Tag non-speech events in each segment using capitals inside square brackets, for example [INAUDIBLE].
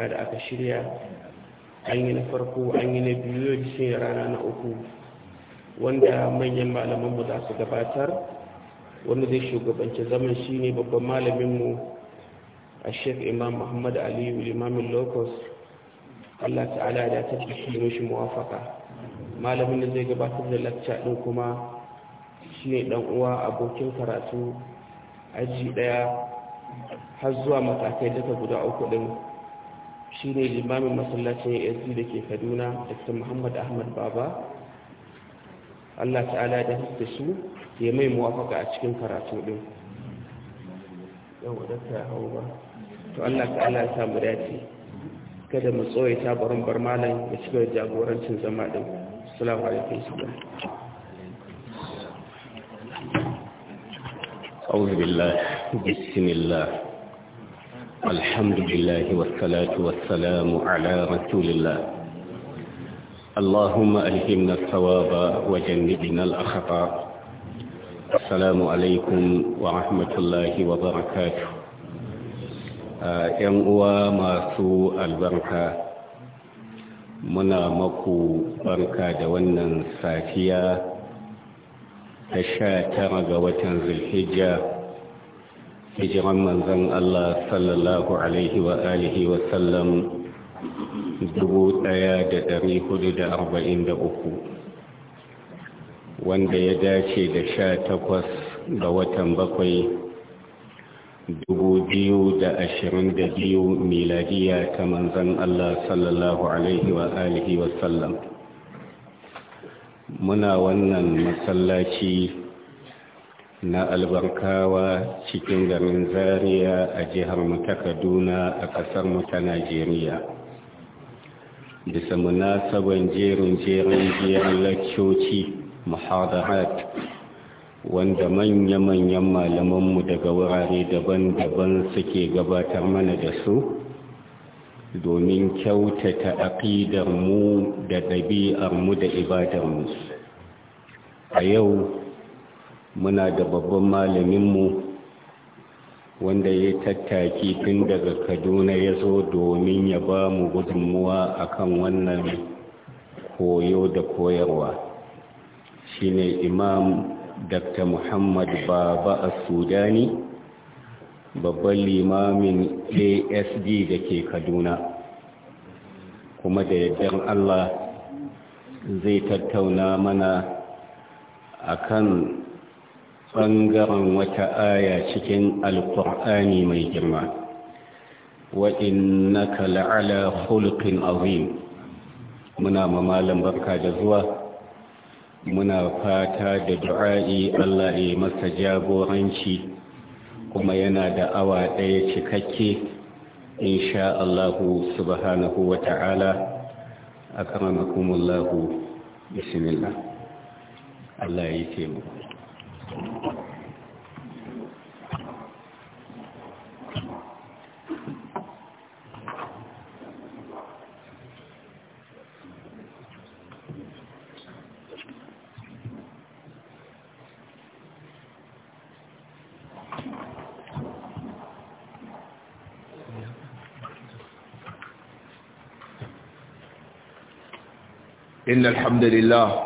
na da aka shirya an yi na farko an yi na biyu yau shi rana na uku wanda manyan malamanmu za su gabatar wanda zai shugabanci zaman shi ne babban malaminmu a shek imam muhammad aliyu limamin locus allah ta'ala da ta tafi mashi muwafaka malamin da zai gabatar da lacca ɗin kuma shi ne ɗan uwa abokin karatu aji ɗaya har zuwa matakai daga guda uku ɗin shi ne limamin masallacin yanzu da ke kaduna dr muhammad ahmad baba allah ta'ala da hasta su ya mai muwafaka a cikin karatu din yau da ta hau ba to allah ta'ala ya samu dace kada mu tsoye tabarin bar malam ya shiga jagorancin zama din su da أعوذ بالله بسم الله الحمد لله والصلاة والسلام على رسول الله اللهم ألهمنا الثواب وجنبنا الأخطاء السلام عليكم ورحمة الله وبركاته ‘yan uwa masu albarka muna maku barka da wannan safiya ta sha tara ga watan zulhijja hijiran manzan Allah sallallahu alaihi wa alihi wa sallam uku, wanda ya dace da sha takwas ga watan bakwai biyu miladiya ta manzan Allah sallallahu alaihi wa alihi wa sallam muna wannan masallaci na albarkawa cikin garin zaria a jihar ta kaduna a kasar ta najeriya bisa munasabar jerin jerin biyar lakcoci muhadarat wanda manya-manyan malamanmu daga wurare daban-daban suke gabatar mana da su domin kyautata mu da ɗabi'armu da ibadarmu a yau muna da babban malaminmu wanda ya tattaki tun daga kaduna ya zo domin ya ba mu gudunmuwa akan wannan koyo da koyarwa shine imam dr muhammad baba a sudani babban limamin asd da ke kaduna kuma da yadda allah zai tattauna mana akan ɓangaren wata aya cikin alkur'ani mai girma ka la'ala hulkin azim muna malam barka da zuwa muna fata da du'a'i Allah ya masa jagoranci kuma yana da awa ɗaya cikakke insha Allahu subhanahu wa ta'ala akramakumullahu bismillah Allah ya taimaka إن الحمد لله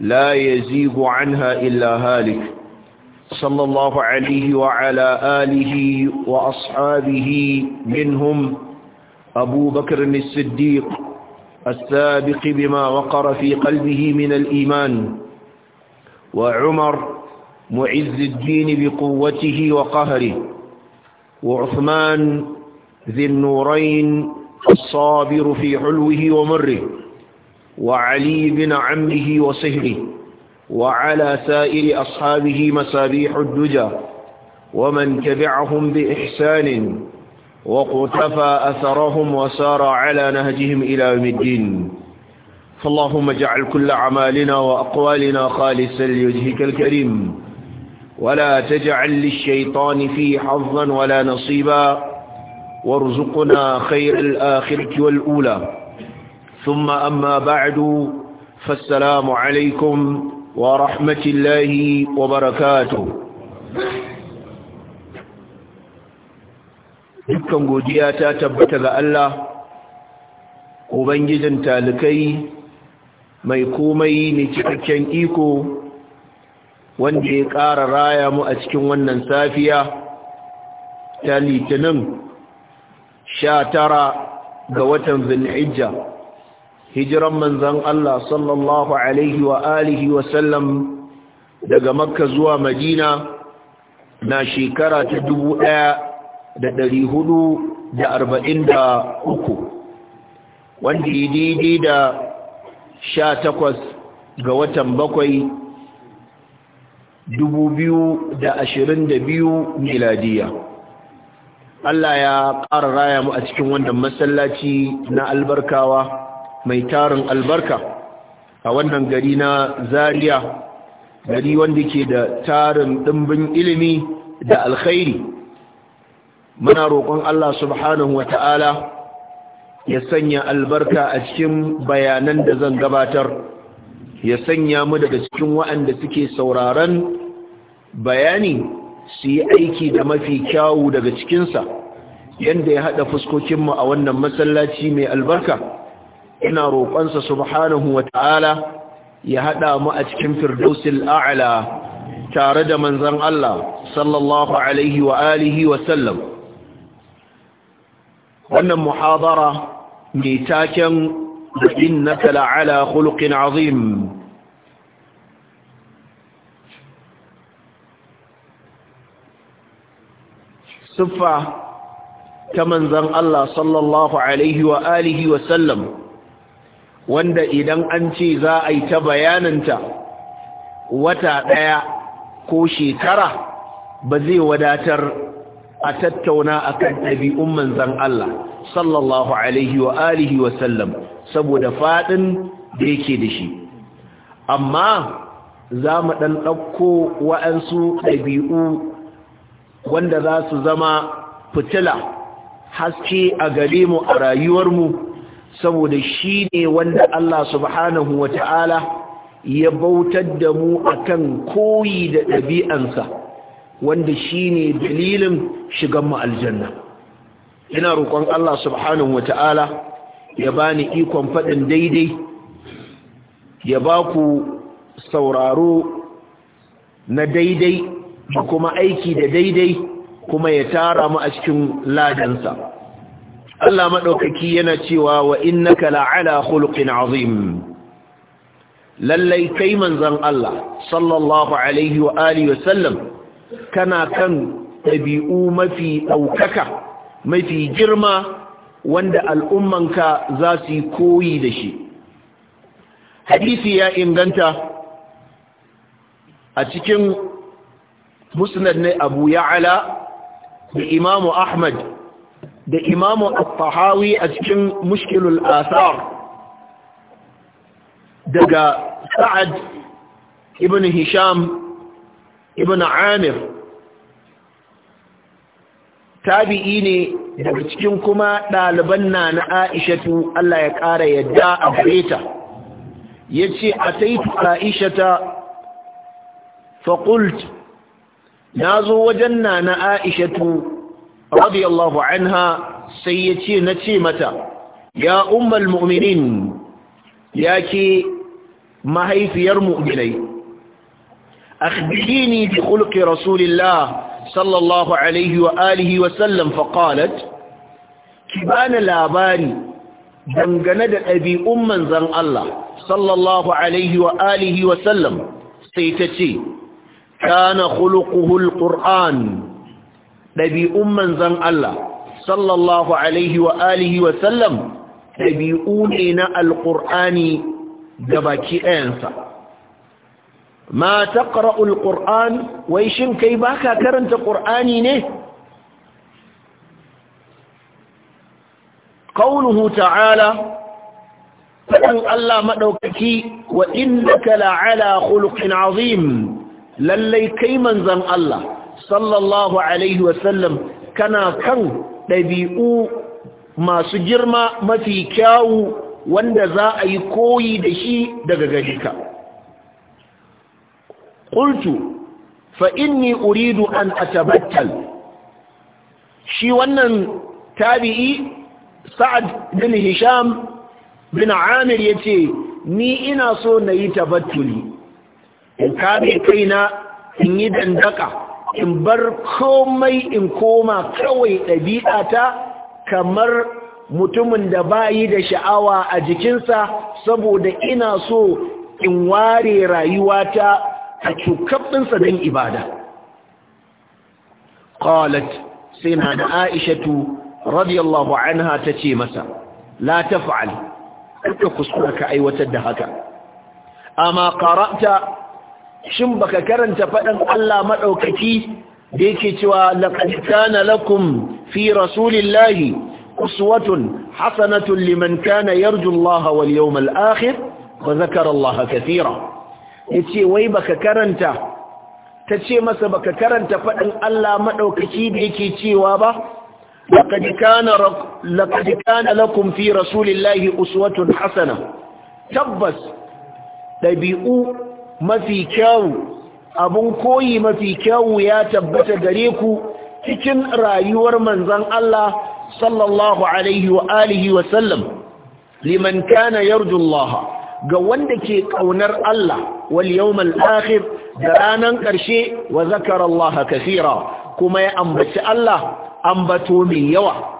لا يزيغ عنها إلا هالك صلى الله عليه وعلى آله وأصحابه منهم أبو بكر الصديق السابق بما وقر في قلبه من الإيمان وعمر معز الدين بقوته وقهره وعثمان ذي النورين الصابر في حلوه ومره وعلي بن عمه وصهره وعلى سائر أصحابه مسابيح الدجى ومن تبعهم بإحسان وقتفى أثرهم وسار على نهجهم إلى يوم الدين فاللهم اجعل كل عمالنا وأقوالنا خالصا لوجهك الكريم ولا تجعل للشيطان فيه حظا ولا نصيبا وارزقنا خير الآخرة والأولى ثم أما بعد فالسلام عليكم ورحمة الله وبركاته dukkan godiya ta tabbata ga Allah ubangijin talikai mai komai ne cikakken iko wanda ya ƙara raya mu a cikin wannan safiya ta litinin sha tara ga watan zulhijja hijiran manzan Allah sallallahu alaihi wa alihi wa sallam daga makka zuwa madina na shekara ta dubu ɗaya da ɗari hudu da arba'in da uku wanda daidai da sha takwas ga watan bakwai dubu biyu da ashirin da biyu miladiya Allah ya ƙara raya mu a cikin wannan masallaci na albarkawa mai tarin albarka a wannan gari na zaria gari wanda ke da tarin ɗimbin ilimi da alkhairi muna roƙon Allah subhanahu wata'ala ya sanya albarka a cikin bayanan da zan gabatar ya sanya mu daga cikin waɗanda suke sauraron bayani su yi aiki da mafi kyawu daga cikinsa yadda ya haɗa fuskokinmu a wannan masallaci mai albarka ina roƙonsa subhanahu wa ta'ala ya haɗa mu a cikin firdausil a'la tare da manzan Allah sallallahu alaihi wa alihi wa sallam wannan muhadara mai taken innaka la'ala khuluqin azim siffa ta manzan Allah sallallahu alaihi wa alihi wa sallam wanda idan an ce za a yi ta bayananta wata ɗaya ko shekara ba zai wadatar a tattauna a kan ɗabi'un manzan Allah sallallahu alaihi wa alihi wa sallam saboda faɗin da yake da shi amma za mu ɗan ɗauko wa'ansu ɗabi'u wanda za su zama fitila haske a gare mu a rayuwarmu saboda shi ne wanda Allah subhanahu wa ta'ala ya bautar da mu akan koyi da ɗabi'ansa wanda shi ne dalilin shigan mu aljanna ina roƙon Allah subhanahu wa ta'ala ya bani ikon faɗin daidai ya ba ku sauraro na daidai kuma aiki da daidai kuma ya tara mu a cikin ladansa Allah maɗaukaki yana cewa wa ka la'ala khuluqin azim lallai kai manzon Allah sallallahu alaihi wa alihi wa sallam kana kan ɗabi'u mafi ɗaukaka mafi girma wanda al'ummanka za su yi koyi da shi hadisi ya inganta a cikin musnad ne abu ya'ala da imamu ahmad da imamu al-fahawi a cikin mushkilul asar daga sa'ad ibn hisham ibn amir tabi'i ne daga cikin kuma ɗaliban na na aishatu Allah ya ƙara yadda a gareta ya ce a taitu aishata faƙult na zo wajen na na aishatu radiyallahu anha sai ya ce na ce mata ya umar mu'minin ya ke mahaifiyar mu'minai akhbirni bi khulqi rasulillah sallallahu alaihi wa wa sallam fa qalat ki bani labari dangane da ɗabi'u manzan Allah sallallahu alaihi wa wa sallam sai ta kana khuluquhu ɗabi'un manzan Allah sallallahu alaihi wa alihi wa sallam ɗabi'u ne na alƙur'ani da baki ɗayansa ma ta ƙara'ul ƙur'an wai shin kai ba ka karanta ƙur'ani ne kaunuhu ta'ala faɗin Allah maɗaukaki wa inda ka la'ala khuluqin azim lallai kai manzan Allah sallallahu alaihi wasallam kana kan ɗabi'u masu girma mafi kyawu wanda za a yi koyi da shi daga gajika ƙultu fa inni uridu an atabattal shi wannan tabi'i sa'ad bin hisham bin amir ya ce ni ina so na yi tabattuli in kame kaina in yi dandaka in bar komai in koma kawai ɗabi'ata kamar mutumin da bayi da sha'awa a jikinsa saboda ina so in ware rayuwata a cukabinsa don ibada. Qalat sai na da Aishatu radiyallahu anha ta ce masa, La tafa'al, ka kuskura ka aiwatar da haka. Amma ƙara'ta shin baka karanta faɗin Allah maɗaukaki da yake cewa laqad kana lakum fi rasulillahi uswatun hasanatun liman kana Yarjullaha Allah wal yawmal akhir wa zakara Allah kathira yace wai baka karanta tace masa baka karanta faɗin Allah maɗaukaki da yake cewa ba laqad kana laqad kana lakum fi rasulillahi uswatun hasana tabbas dabi'u mafi kyawu abun koyi mafi kyawu ya tabbata gare ku cikin rayuwar manzan Allah sallallahu alaihi wa alihi wa sallam liman kana yarju Allah ga wanda ke kaunar Allah wal yawmal akhir da ranan karshe wa zakara Allah kaseera kuma ya ambaci Allah ambato mai yawa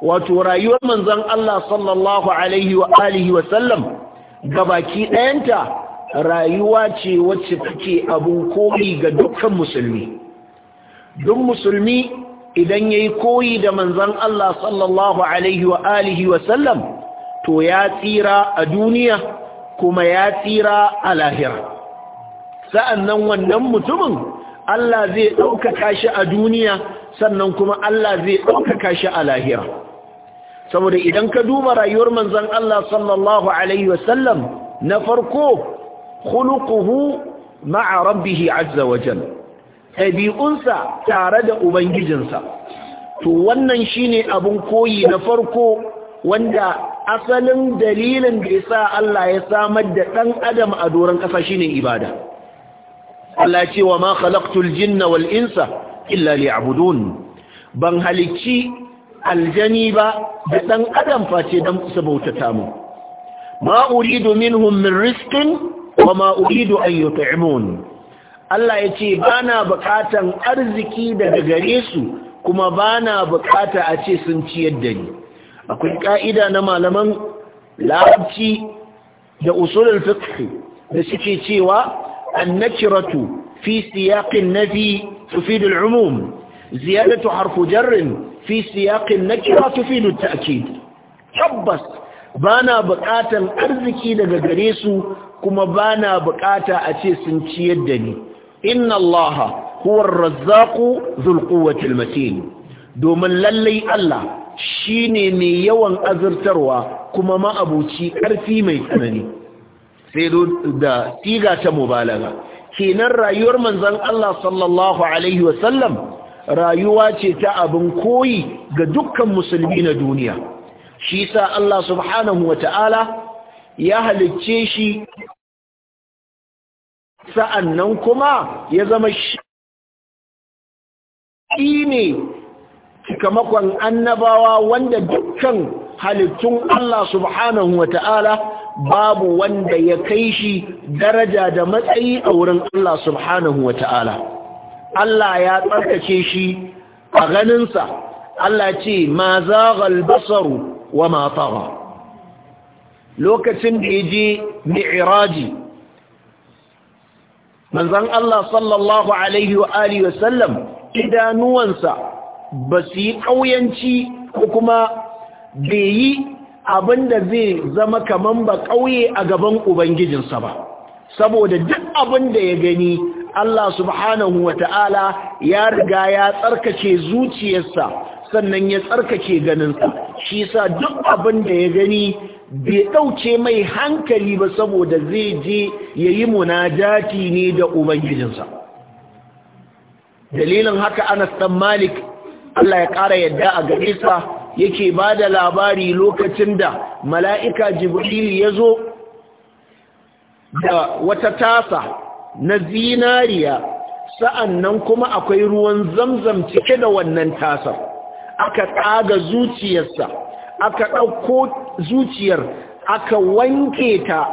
wato rayuwar manzon Allah sallallahu alaihi wa alihi wa sallam gabaki ɗayanta rayuwa ce wacce take abun koyi ga dukkan musulmi duk musulmi idan yayi koyi da manzon Allah sallallahu alaihi wa alihi wa sallam to ya tsira a duniya kuma ya tsira a lahira sa'annan wannan mutumin Allah zai ɗaukaka shi a duniya sannan kuma Allah zai ɗaukaka shi a lahira saboda idan ka duba rayuwar manzon Allah sallallahu alaihi wa sallam na farko khuluquhu ma'a rabbihi azza wa jalla ɗabi'unsa tare da ubangijinsa to wannan shine abun koyi na farko wanda asalin dalilin da yasa Allah ya samar da dan adam a doron kasa shine ibada Allah ce wa ma khalaqtul jinna wal insa illa liya'budun ban halicci aljani ba da dan adam face dan su bautata mu ma uridu minhum min rizqin wa ma uridu an yut'imun Allah ya ce ba na bukatan arziki daga gare su kuma ba na bukata a ce sun ciyar da ni akwai ka'ida na malaman la'abci da usulul fiqh da suke cewa annakiratu fi siyaƙin nafi fi al-umum ziyadatu harfu jar fi siyaƙin nakira tufidu at-ta'kid tabbas bana buƙatan arziki daga gare su kuma bana bukata a ce sun ciyar da ni inna allaha Huwar arrazzaqu dhul quwwati domin lallai Allah shine mai yawan azurtarwa kuma ma'abuci ƙarfi mai tsanani sai da tiga ta mubalaga kenan rayuwar manzon Allah sallallahu alaihi wasallam rayuwa ce ta abin koyi ga dukkan musulmi na duniya shi sa Allah subhanahu wa ta'ala ya halicce shi sa'annan kuma ya zama shi ne cikamakon annabawa wanda dukkan halittun Allah subhanahu wa ta'ala babu wanda ya kai shi daraja da matsayi a wurin Allah subhanahu wa ta'ala. Allah ya tsarkace shi a ganinsa, Allah ce, ma zagal basaru wa ma lokacin da ya je mi'iraji manzan Allah sallallahu alaihi wa wasallam idanuwansa ba su yi ƙauyanci ko kuma bai yi abinda zai zama kaman ba ƙauye a gaban ubangijinsa ba saboda duk abin da ya gani Allah subhanahu wa ta'ala ya riga ya tsarkake zuciyarsa sannan ya tsarkake ganinsa shi sa duk abin da ya gani bai ɗauce mai hankali ba saboda zai je ya yi munajati ne da ubangijinsa dalilin haka anas ɗan malik allah ya ƙara yadda a gare sa yake ba da labari lokacin da mala'ika jibril ya zo da wata tasa na zinariya sa'an nan kuma akwai ruwan zamzam cike da wannan tasar aka tsaga zuciyarsa aka ɗauko zuciyar aka wanke ta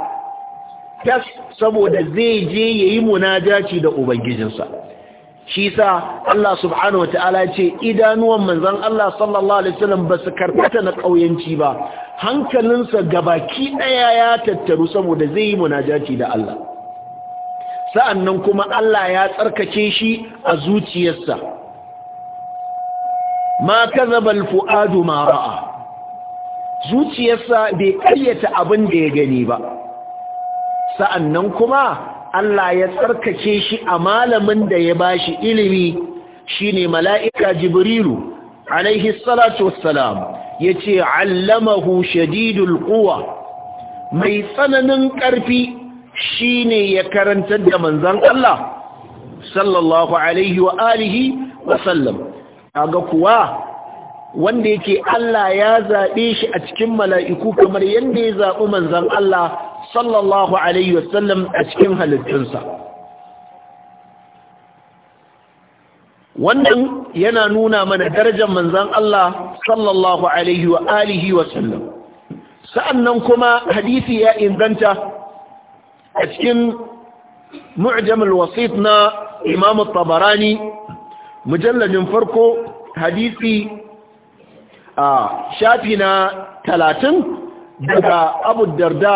saboda zai je ya yi munajaci da ubangijinsa shi sa Allah subhanahu wa ta'ala ce idanuwan manzan Allah sallallahu alaihi wasallam ba su karkata na ƙauyanci ba hankalinsa gabaki ɗaya ya tattaru saboda zai yi munajaci da Allah sa'annan kuma Allah ya tsarkake shi a zuciyarsa ma kazaba al-fu'adu ma ra'a zuciyarsa bai karyata abin da ya gani ba sa'annan kuma Allah ya tsarkake shi a malamin da ya bashi ilimi shine mala'ika jibrilu alaihi salatu wassalam yace allamahu shadidul quwa mai tsananin karfi shine ya karantar da manzon Allah sallallahu alaihi wa alihi wa sallam kaga kuwa wanda yake Allah ya zaɓe shi a cikin mala'iku kamar yadda ya zaɓi manzan Allah sallallahu Alaihi wasallam a cikin halittunsa. Wannan yana nuna mana darajar manzan Allah sallallahu Alaihi wa alihi wasallam. Sa'an nan kuma hadisi ya inganta a cikin mu'jamul wasif na Imam Tabarani, mujalladin farko hadisi a shafi na talatin daga abu darda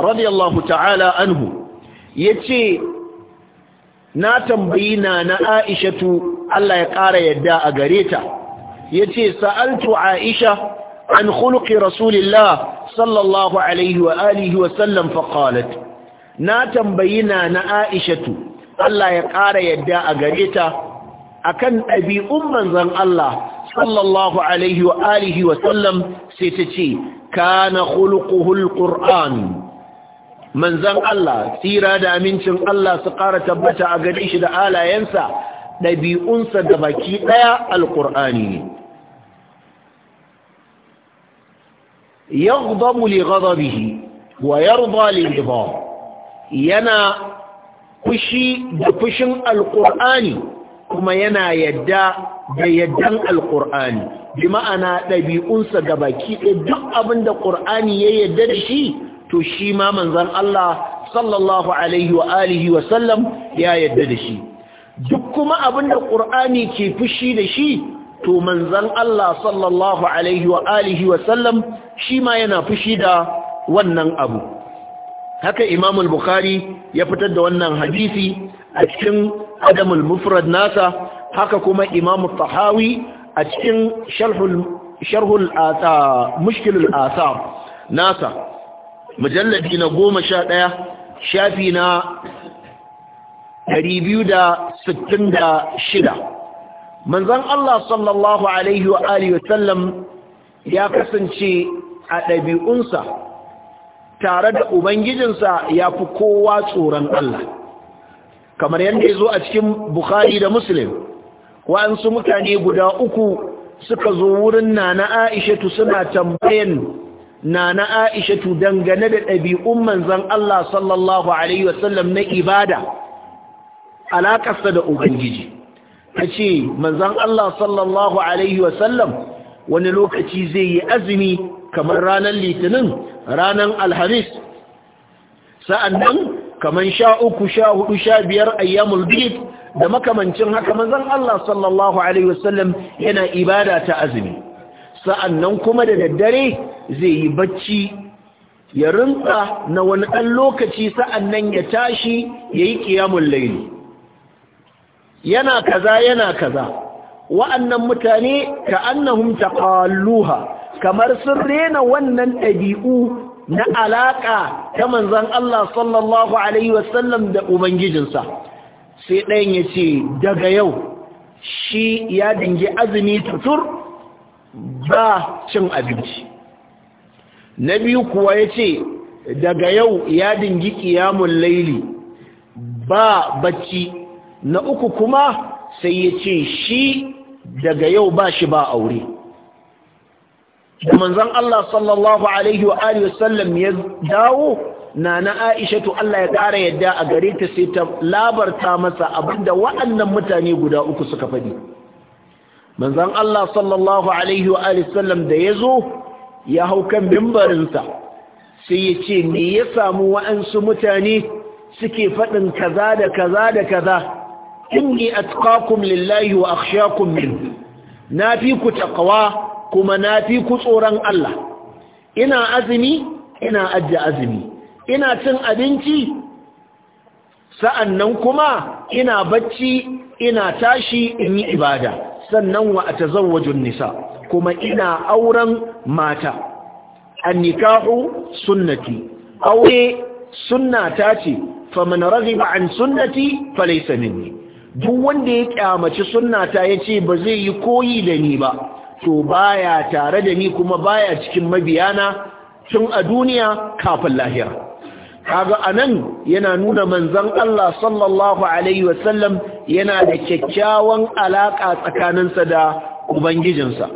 radiyallahu ta'ala anhu ya ce na tambayi na na aishatu Allah ya ƙara yadda a gare ta ya ce sa'altu aisha an khuluqi rasulillah sallallahu alaihi wa alihi wa sallam na tambayi na na aishatu Allah ya ƙara yadda a gare ta akan ɗabi'un manzon Allah sallallahu alaihi wa alihi wa sallam sai ta ce kana khuluquhul qur'an manzan Allah tsira da amincin Allah su ƙara tabbata a gare shi da alayensa ɗabi'unsa da baki ɗaya alƙur'ani ne yaghdabu li ghadabihi wa yarda li yana fushi da fushin alƙur'ani kuma yana yadda da yaddan alkur'ani bi ma'ana ɗabi'unsa ga baki ɗaya duk abin da ƙur'ani ya yadda da shi to shi ma manzan Allah sallallahu alaihi wa alihi wa sallam ya yadda da shi duk kuma abin da ƙur'ani ke fushi da shi to manzan Allah sallallahu alaihi wa alihi wa sallam shi ma yana fushi da wannan abu haka Imam al-Bukhari ya fitar da wannan hadisi a cikin Adamul Mufrad nasa haka kuma imamu tahawi a cikin sharhul mushkilul asar nasa mujalladi na goma sha ɗaya shafi na shida. manzan Allah sallallahu alaihi wa alihi wasallam ya kasance a ɗabi'unsa tare da ubangijinsa ya fi kowa tsoron Allah kamar yadda ya zo a cikin Bukhari da Muslim wa'ansu mutane guda uku suka zo wurin nana aishatu suna tambayan nana aishatu dangane da ɗabi'un manzan Allah sallallahu Alaihi wasallam na ibada alaƙarsa da Ubangiji ta ce manzan Allah sallallahu Alaihi wasallam wani lokaci zai yi azumi kamar ranar litinin ranar alhamis sa'an nan kamar sha uku sha hudu sha biyar ayyamul bid da makamancin haka manzon Allah sallallahu alaihi wasallam yana ibada ta azumi sa'annan kuma da daddare zai yi bacci ya rinsa na wani ɗan lokaci sa'annan ya tashi ya yi ƙiyamun laili yana kaza yana kaza wa'annan mutane ka annahum taqalluha kamar sun rena wannan ɗabi'u na alaƙa ta manzon Allah sallallahu alaihi wasallam da ubangijinsa sai ɗayan ya ce daga yau shi ya dingi azumi tutur ba cin abinci na biyu kuwa ya ce daga yau ya dingi ƙiyamun laili ba bacci na uku kuma sai ya ce shi daga yau ba shi ba aure da manzan Allah sallallahu Alaihi wa'aliyu sallam ya dawo na na aishatu Allah ya ƙara yadda a gare ta sai ta labarta masa abinda waɗannan mutane guda uku suka faɗi manzon Allah sallallahu alaihi wa sallam da ya zo ya hau kan mimbarinsa sai ya ce me ya samu waɗansu mutane suke faɗin kaza da kaza da kaza inni atqakum lillahi wa akhshakum min na fi ku taqwa kuma na fi ku tsoron Allah ina azumi ina ajja azumi ina cin abinci sa'annan kuma ina bacci ina tashi in yi ibada sannan wa a wajen nisa kuma ina auren mata nikahu, sunnati aure sunnata ce faman raghiba an sunnati falaysa minni duk wanda ya kyamaci sunnata yace ba zai yi koyi da ni ba to baya tare da ni kuma baya cikin mabiyana tun a duniya kafin lahira kaga anan yana nuna manzon Allah sallallahu alaihi wasallam yana da kyakkyawan alaƙa tsakaninsa da ubangijinsa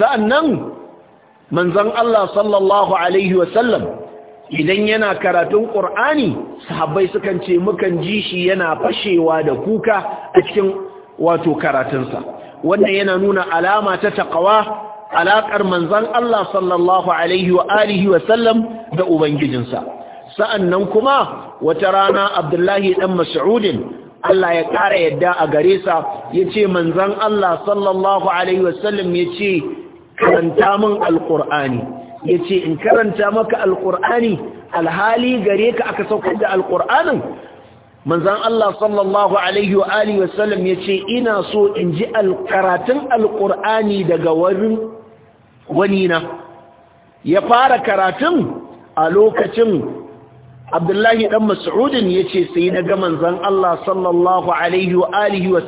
sa'annan manzon Allah sallallahu alaihi wasallam idan yana karatun ƙur'ani sahabbai sukan ce mukan ji shi yana fashewa da kuka a cikin wato karatunsa wannan yana nuna alama ta taƙawa alaƙar manzan Allah sallallahu alaihi da ubangijinsa sa'annan kuma wata rana abdullahi dan mas'udin Allah ya ƙara yadda a gare sa ya ce manzan Allah sallallahu Alaihi wasallam ya ce karanta min alƙur'ani ya ce in karanta maka alƙur'ani alhali gare ka aka saukar da alƙur'anin manzan Allah sallallahu Alaihi wasallam ya ce ina so in ji karatun alƙur'ani daga wani na ya fara karatun a lokacin abdullahi dan mas'udin ce, sai na ga manzon Allah sallallahu alaihi wa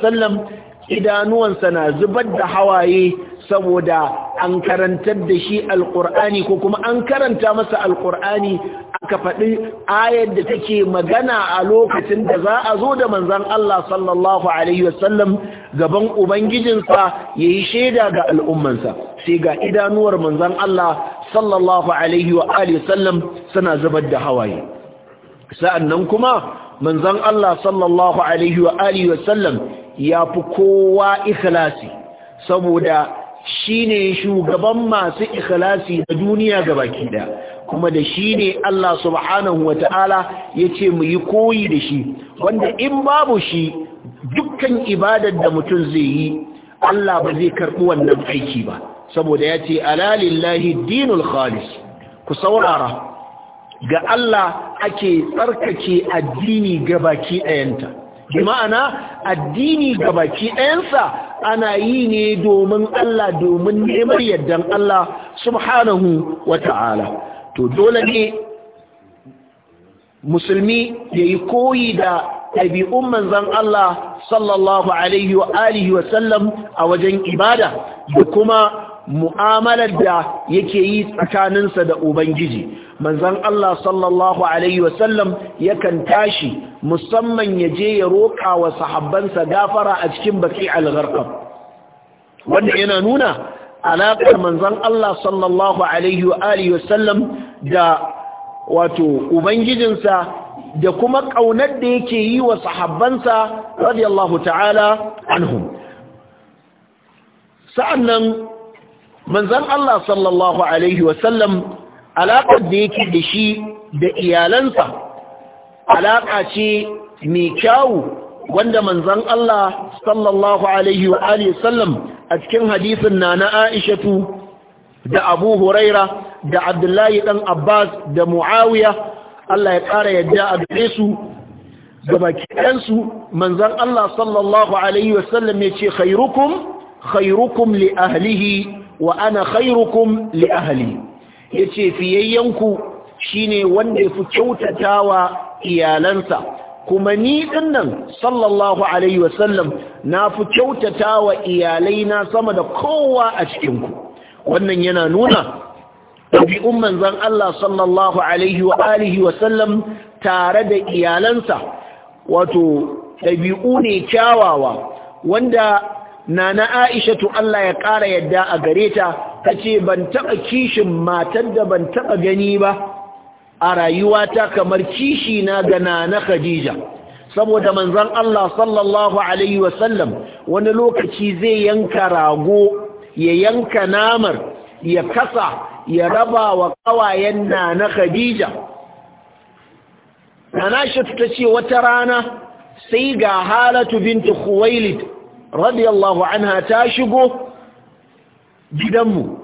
sallam idanuwansa na zubar da hawaye saboda an karantar da shi Alƙur'ani ko kuma an karanta masa Alƙur'ani aka faɗi ayar da take magana a lokacin da za a zo da manzan Allah sallallahu alaihi wa sallam gaban ubangijinsa yayi shaida ga al'ummansa sai ga idanuwar manzan Allah sallallahu alaihi wa sallam suna zubar da hawaye sa'annan kuma manzon Allah sallallahu alaihi wa alihi ya fi kowa ikhlasi saboda shine shugaban masu ikhlasi da duniya gabaki da kuma da shi ne Allah subhanahu wa ta'ala ce mu yi koyi da shi wanda in babu shi dukkan ibadar da mutum zai yi Allah ba zai karɓi wannan aiki ba saboda ya ce alalillahi dinul khalis ku saurara ga Allah ake tsarkake addini ga baki ɗayanta bi ma'ana addini ga baki ɗayansa ana yi ne domin Allah domin neman yardan Allah subhanahu wa ta'ala to dole ne musulmi ya yi koyi da ɗabi'un manzan Allah sallallahu alaihi wa sallam a wajen ibada da kuma mu'amalar da yake yi tsakaninsa da ubangiji manzan Allah sallallahu alaihi wasallam yakan tashi musamman ya je ya roƙa wa sahabbansa gafara a cikin baki al-gharqab wanda yana nuna alaƙar manzon Allah sallallahu alaihi wa wasallam da wato ubangijinsa da kuma ƙaunar da yake yi wa sahabbansa radiyallahu ta'ala anhum sa'annan manzan Allah sallallahu Alaihi wasallam alaƙar da yake da shi da iyalansa alaƙa ce mai kyawu wanda manzan Allah sallallahu Alaihi wasallam a cikin hadisin na na Aishatu da Abu Huraira da Abdullahi ɗan Abbas da Muawiya Allah ya ƙara yadda a gare su ga bakiyansu manzan Allah sallallahu Alaihi wasallam ya ce khairukum khairukum li ahlihi wa ana khairukum li ahli yace fiyayyanku shine wanda yafi kyautatawa iyalansa kuma ni dinnan sallallahu alaihi wasallam na fi kyautatawa iyalaina sama da kowa a cikin ku wannan yana nuna ɗabi'un manzon Allah sallallahu alaihi wa alihi wasallam tare da iyalansa wato dabi'u ne kyawawa wanda nana Aisha tu Allah ya ƙara yadda a gare ta tace ban taɓa kishin matar da ban taɓa gani ba a rayuwata kamar kishi na ga nana Khadija saboda manzon Allah sallallahu alaihi wasallam wani lokaci zai yanka rago ya yanka namar ya kasa ya raba wa kawayen nana Khadija nana shi ta ce wata rana sai ga halatu bintu Khuwailid radiyallahu anha ta shigo gidanmu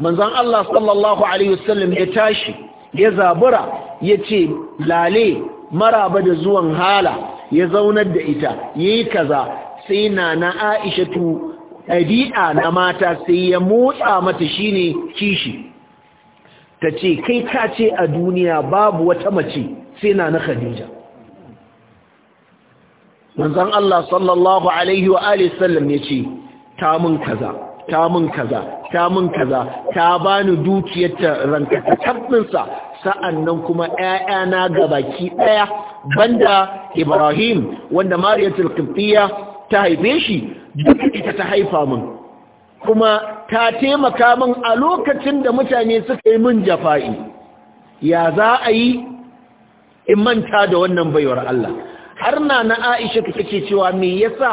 manzan Allah sallallahu alaihi wasallam ya tashi ya zabura ya ce lale maraba da zuwan hala ya zaunar da ita ya yi kaza sai na na aishatu ɗabi'a na mata sai ya motsa mata shine kishi ta ce kai ka ce a duniya babu wata mace sai na na khadija manzon Allah sallallahu alaihi wa sallam yace ta mun kaza ta mun kaza ta mun kaza ta bani dukiyar ta ranka ta kuma yaya sa'annan kuma ƴaƴana gabaki ɗaya? banda Ibrahim wanda Mariyatul Qibtiyya ta haife shi duk ita ta haifa mun kuma ta taimaka min a lokacin da mutane suka yi min jafa'i ya za a yi in manta da wannan baiwar Allah har na na aisha take cewa me yasa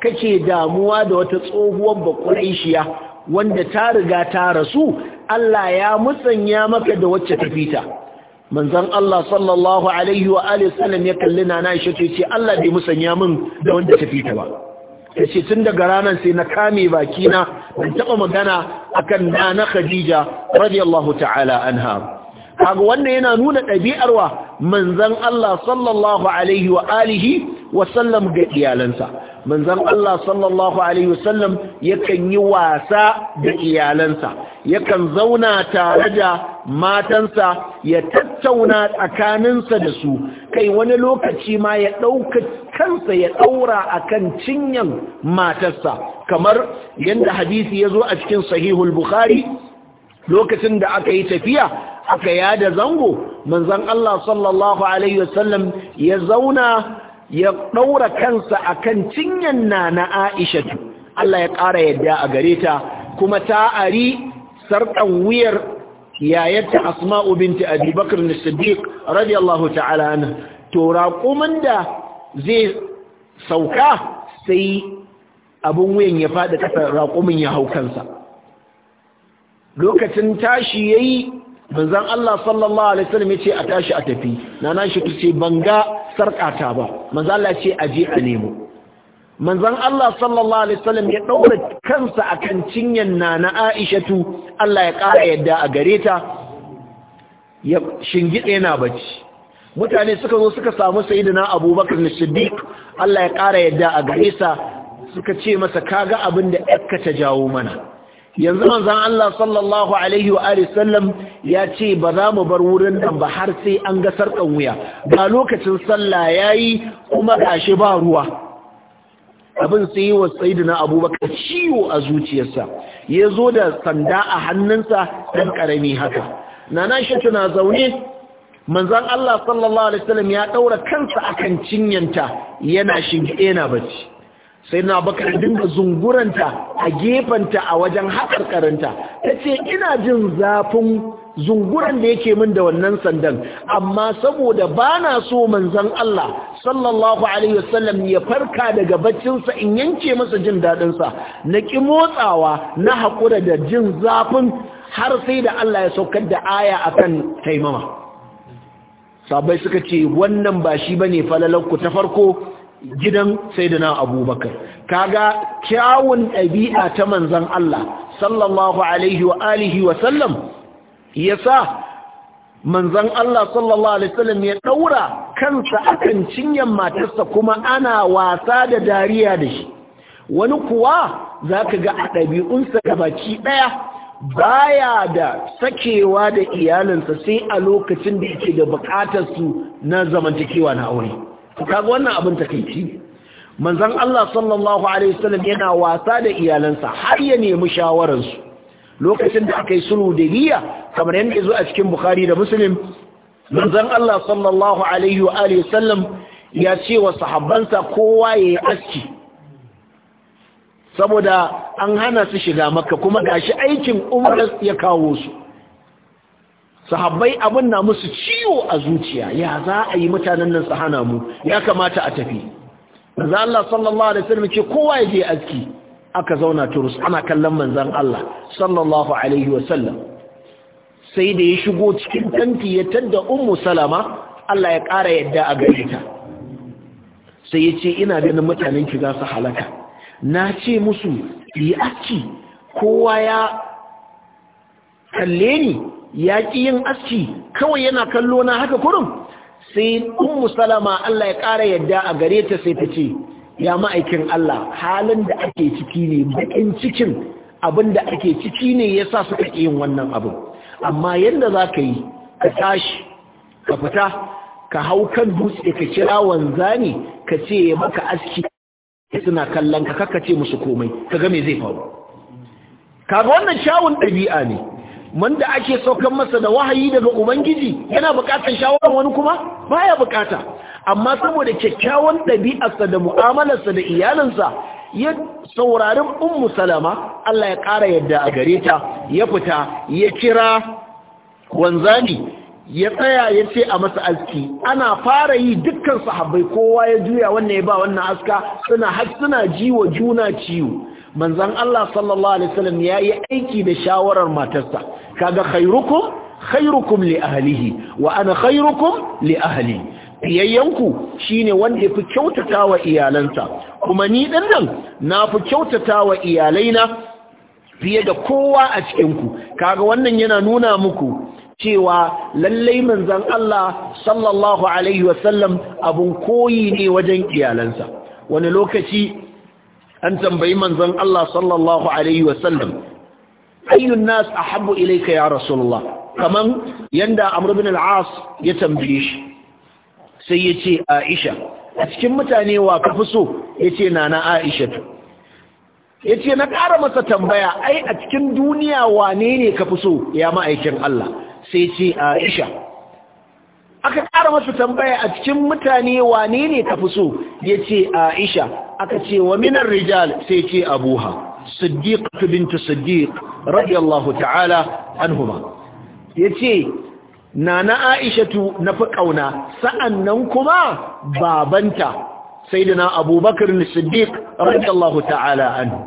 kake damuwa da wata tsohuwar bakuraishiya wanda ta riga ta rasu Allah ya musanya maka da wacce ta fita manzon Allah sallallahu alaihi wa alihi sallam ya kalli na na aisha ce Allah bai musanya min da wanda ta fita ba kace tun daga ranar sai na kame baki na ban taba magana akan na Khadija radiyallahu ta'ala anha kaga wannan yana nuna ɗabi'arwa manzan Allah sallallahu alaihi wa alihi wa sallam ga iyalansa manzan Allah sallallahu alaihi wa sallam yakan yi wasa da iyalansa yakan zauna tare da matansa ya tattauna tsakaninsa da su kai wani lokaci ma ya ɗauka kansa ya ɗaura akan cinyan matarsa kamar yadda hadisi ya zo a cikin sahihul bukhari lokacin da aka yi tafiya aka yada zango manzon Allah sallallahu alaihi wasallam ya zauna ya ɗaura kansa kan cinyan na na Aisha Allah ya ƙara yadda a gare ta kuma ta ari sarƙan wuyar yayarta Asma'u binti Abi Bakr Sadiq radiyallahu ta'ala anhu to raƙumin da zai sauka sai abin wuyan ya faɗi ƙasa raƙumin ya hau kansa lokacin tashi ya yayi manzon Allah sallallahu alaihi wasallam yace a tashi a tafi na nan shi ban banga sarkata ba manzan Allah ce je a nemo manzan Allah sallallahu alaihi wasallam ya ɗaura kansa akan na nana Aishatu Allah ya ƙara yadda a gare ta ya shingide yana bacci mutane suka zo suka samu na Abubakar na siddiq Allah ya ƙara yadda a gare sa suka ce masa kaga abin da ƴakka ta jawo mana yanzu manzan Allah sallallahu alaihi wa sallam ya ce ba za mu bar wurin nan ba har sai an ga sarkan wuya ba lokacin sallah yayi kuma gashi ba ruwa abin sai wa na Abubakar ciwo a zuciyarsa ya zo da sanda a hannunsa dan karami haka nana shi tana zaune manzon Allah sallallahu alaihi ya daura kansa akan cinyanta yana shinge yana bacci sai na baka dinga zunguranta a gefanta a wajen karanta ta ce ina jin zafin zunguran da yake min da wannan sandan amma saboda ba na so manzan Allah sallallahu alaihi wasallam ya farka daga baccinsa in yanke masa jin daɗinsa na ƙi motsawa na haƙura da jin zafin har sai da Allah ya saukar da aya akan taimama sabai suka ce wannan ba shi bane falalanku ta farko gidan saidana abubakar kaga kyawun ɗabi'a ta manzan Allah sallallahu alaihi wa alihi wa sallam yasa manzan Allah sallallahu alaihi wasallam ya ɗaura kansa akan cinyan matarsa kuma ana wasa da dariya da shi wani kuwa zaka ga a ɗabi'unsa da baki ɗaya baya da sakewa da iyalinsa sai a lokacin da yake da bukatar su na zamantakewa na aure kaga wannan abin takaici? ne Allah sallallahu alaihi wasallam yana wasa da iyalansa har ya nemi shawararsu. lokacin da aka yi sulhu da kamar yadda ya zo a cikin Bukhari da Muslim manzon Allah sallallahu alaihi wa wasallam ya ce wa sahabbansa kowa yayi aski saboda an hana su shiga maka kuma gashi aikin umar ya kawo su sahabbai abin na musu ciwo a zuciya ya za a yi mutanen nan su mu ya kamata a tafi manzo Allah sallallahu alaihi wasallam ce kowa ya je aski aka zauna turus ana kallon manzon Allah sallallahu alaihi wasallam sai da ya shigo cikin tanti ya tadda ummu salama Allah ya ƙara yadda a gare ta sai ya ce ina ganin mutanen ki za su halaka na ce musu yi aski kowa ya kalle ni ya ƙi yin aski kawai yana kallo na haka kurum sai ummu salama Allah ya ƙara yadda a gare ta sai ta ce ya ma'aikin Allah halin da ake ciki ne bakin cikin abin da ake ciki ne ya sa suka ƙi yin wannan abin amma yadda za ka yi ka tashi ka fita ka hau kan dutse ka kira wanzani ka ce ya maka aski suna kallon ka kaka ce musu komai ka ga me zai faru kaga wannan kyawun ɗabi'a ne wanda ake saukan masa da wahayi daga ubangiji yana bukatar shawarar wani kuma baya bukata amma saboda kyakkyawan ɗabi'arsa da mu'amalarsa da iyalinsa ya saurarin ummu salama Allah ya ƙara yadda a gare ta ya fita ya kira wanzani ya tsaya ya ce a masa aski ana fara yi dukkan sahabbai kowa ya juya wannan ya ba wannan aska suna har suna ji juna ciwo manzan Allah sallallahu alaihi wasallam ya yi aiki da shawarar matarsa kaga khairukum khairukum li ahlihi wa ana khairukum li ahli yayyanku shine wanda yafi kyautatawa iyalansa kuma ni din nan na fi kyautatawa iyalaina fiye da kowa a cikin ku kaga wannan yana nuna muku cewa lallai manzan Allah sallallahu alaihi wasallam abun koyi ne wajen iyalansa wani lokaci an tambayi manzon Allah sallallahu alaihi wasallam ayyun nas ahabbu ilayka ya rasulullah kaman yanda amr ibn al-as ya tambaye shi sai yace aisha a cikin mutane wa ka fi so yace nana aisha yace na ƙara masa tambaya ai a cikin duniya wane ne ka fi so ya ma'aikin Allah sai ce aisha aka ƙara masa tambaya a cikin mutane wane ne fi so ya ce aisha aka ce wa minar rijal sai ce abuha siddiqatu bintu siddiq radiyallahu ta'ala anhuma yace nana aishatu nafi kauna sa'annan kuma babanta sayyidina abubakar siddiq radiyallahu ta'ala anhu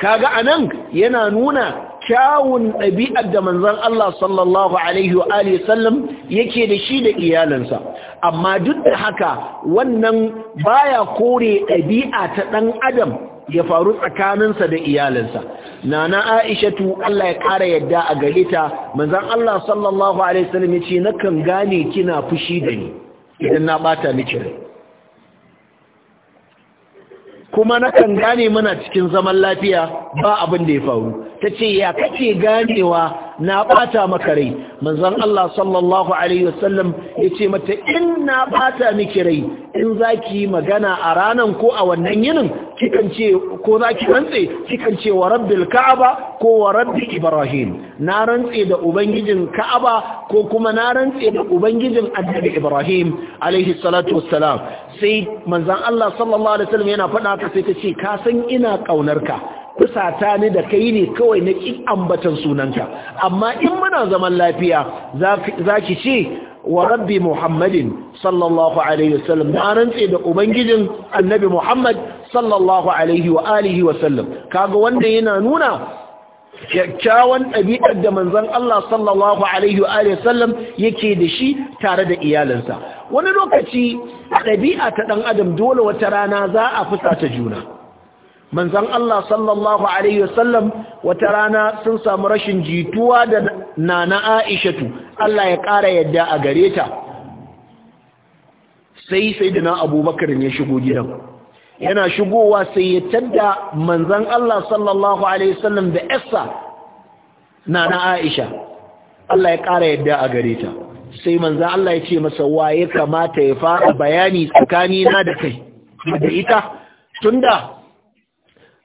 kaga anan yana nuna kyawun ɗabi'ar da manzan Allah sallallahu Alaihi wa sallam yake da shi da iyalinsa amma duk da haka wannan baya kore ɗabi'a ta ɗan adam ya faru tsakaninsa da iyalinsa nana aishatu Allah ya ƙara yadda a gare ta manzan Allah sallallahu Alaihi wasallam ya ce kan gane kina fushi da ni idan na ɓata miki rai kuma kan gane muna cikin zaman lafiya ba abin da ya faru ta ce ya kake ganewa na bata maka rai manzon Allah sallallahu alaihi wasallam ya ce mata in na bata miki rai in za ki magana a ranan ko a wannan yinin kikan ce ko za ki rantse kikan ce wa rabbil ka'aba ko wa rabbi ibrahim na rantse da ubangijin ka'aba ko kuma na rantse da ubangijin annabi ibrahim alaihi salatu wassalam sai manzon Allah sallallahu alaihi wasallam yana faɗa haka sai ta ce ka san ina ƙaunarka. Kusata ni da kai ne kawai na ƙin ambatan sunanka amma in muna zaman lafiya za ki ce wa rabbi muhammadin sallallahu alaihi wasallam na rantse da ubangijin annabi muhammad sallallahu alaihi wa alihi wasallam kaga wanda yana nuna kyakkyawan ɗabi'ar da manzon Allah sallallahu alaihi wa wasallam yake da shi tare da iyalinsa. wani lokaci a ɗabi'a ta ɗan adam dole wata rana za a fusata juna Manzan Allah sallallahu alaihi wasallam wata rana sun samu rashin jituwa da nana Aisha Aishatu Allah ya ƙara yadda a gare ta sai sayyidina Abubakar ne shigo gidan yana shigowa sai ya tadda manzan Allah sallallahu alaihi wasallam da Essa nana Aisha Allah ya ƙara yadda a gare ta sai manzan Allah ya ce masa waye kamata ya fara bayani tsakanina da kai da ita tunda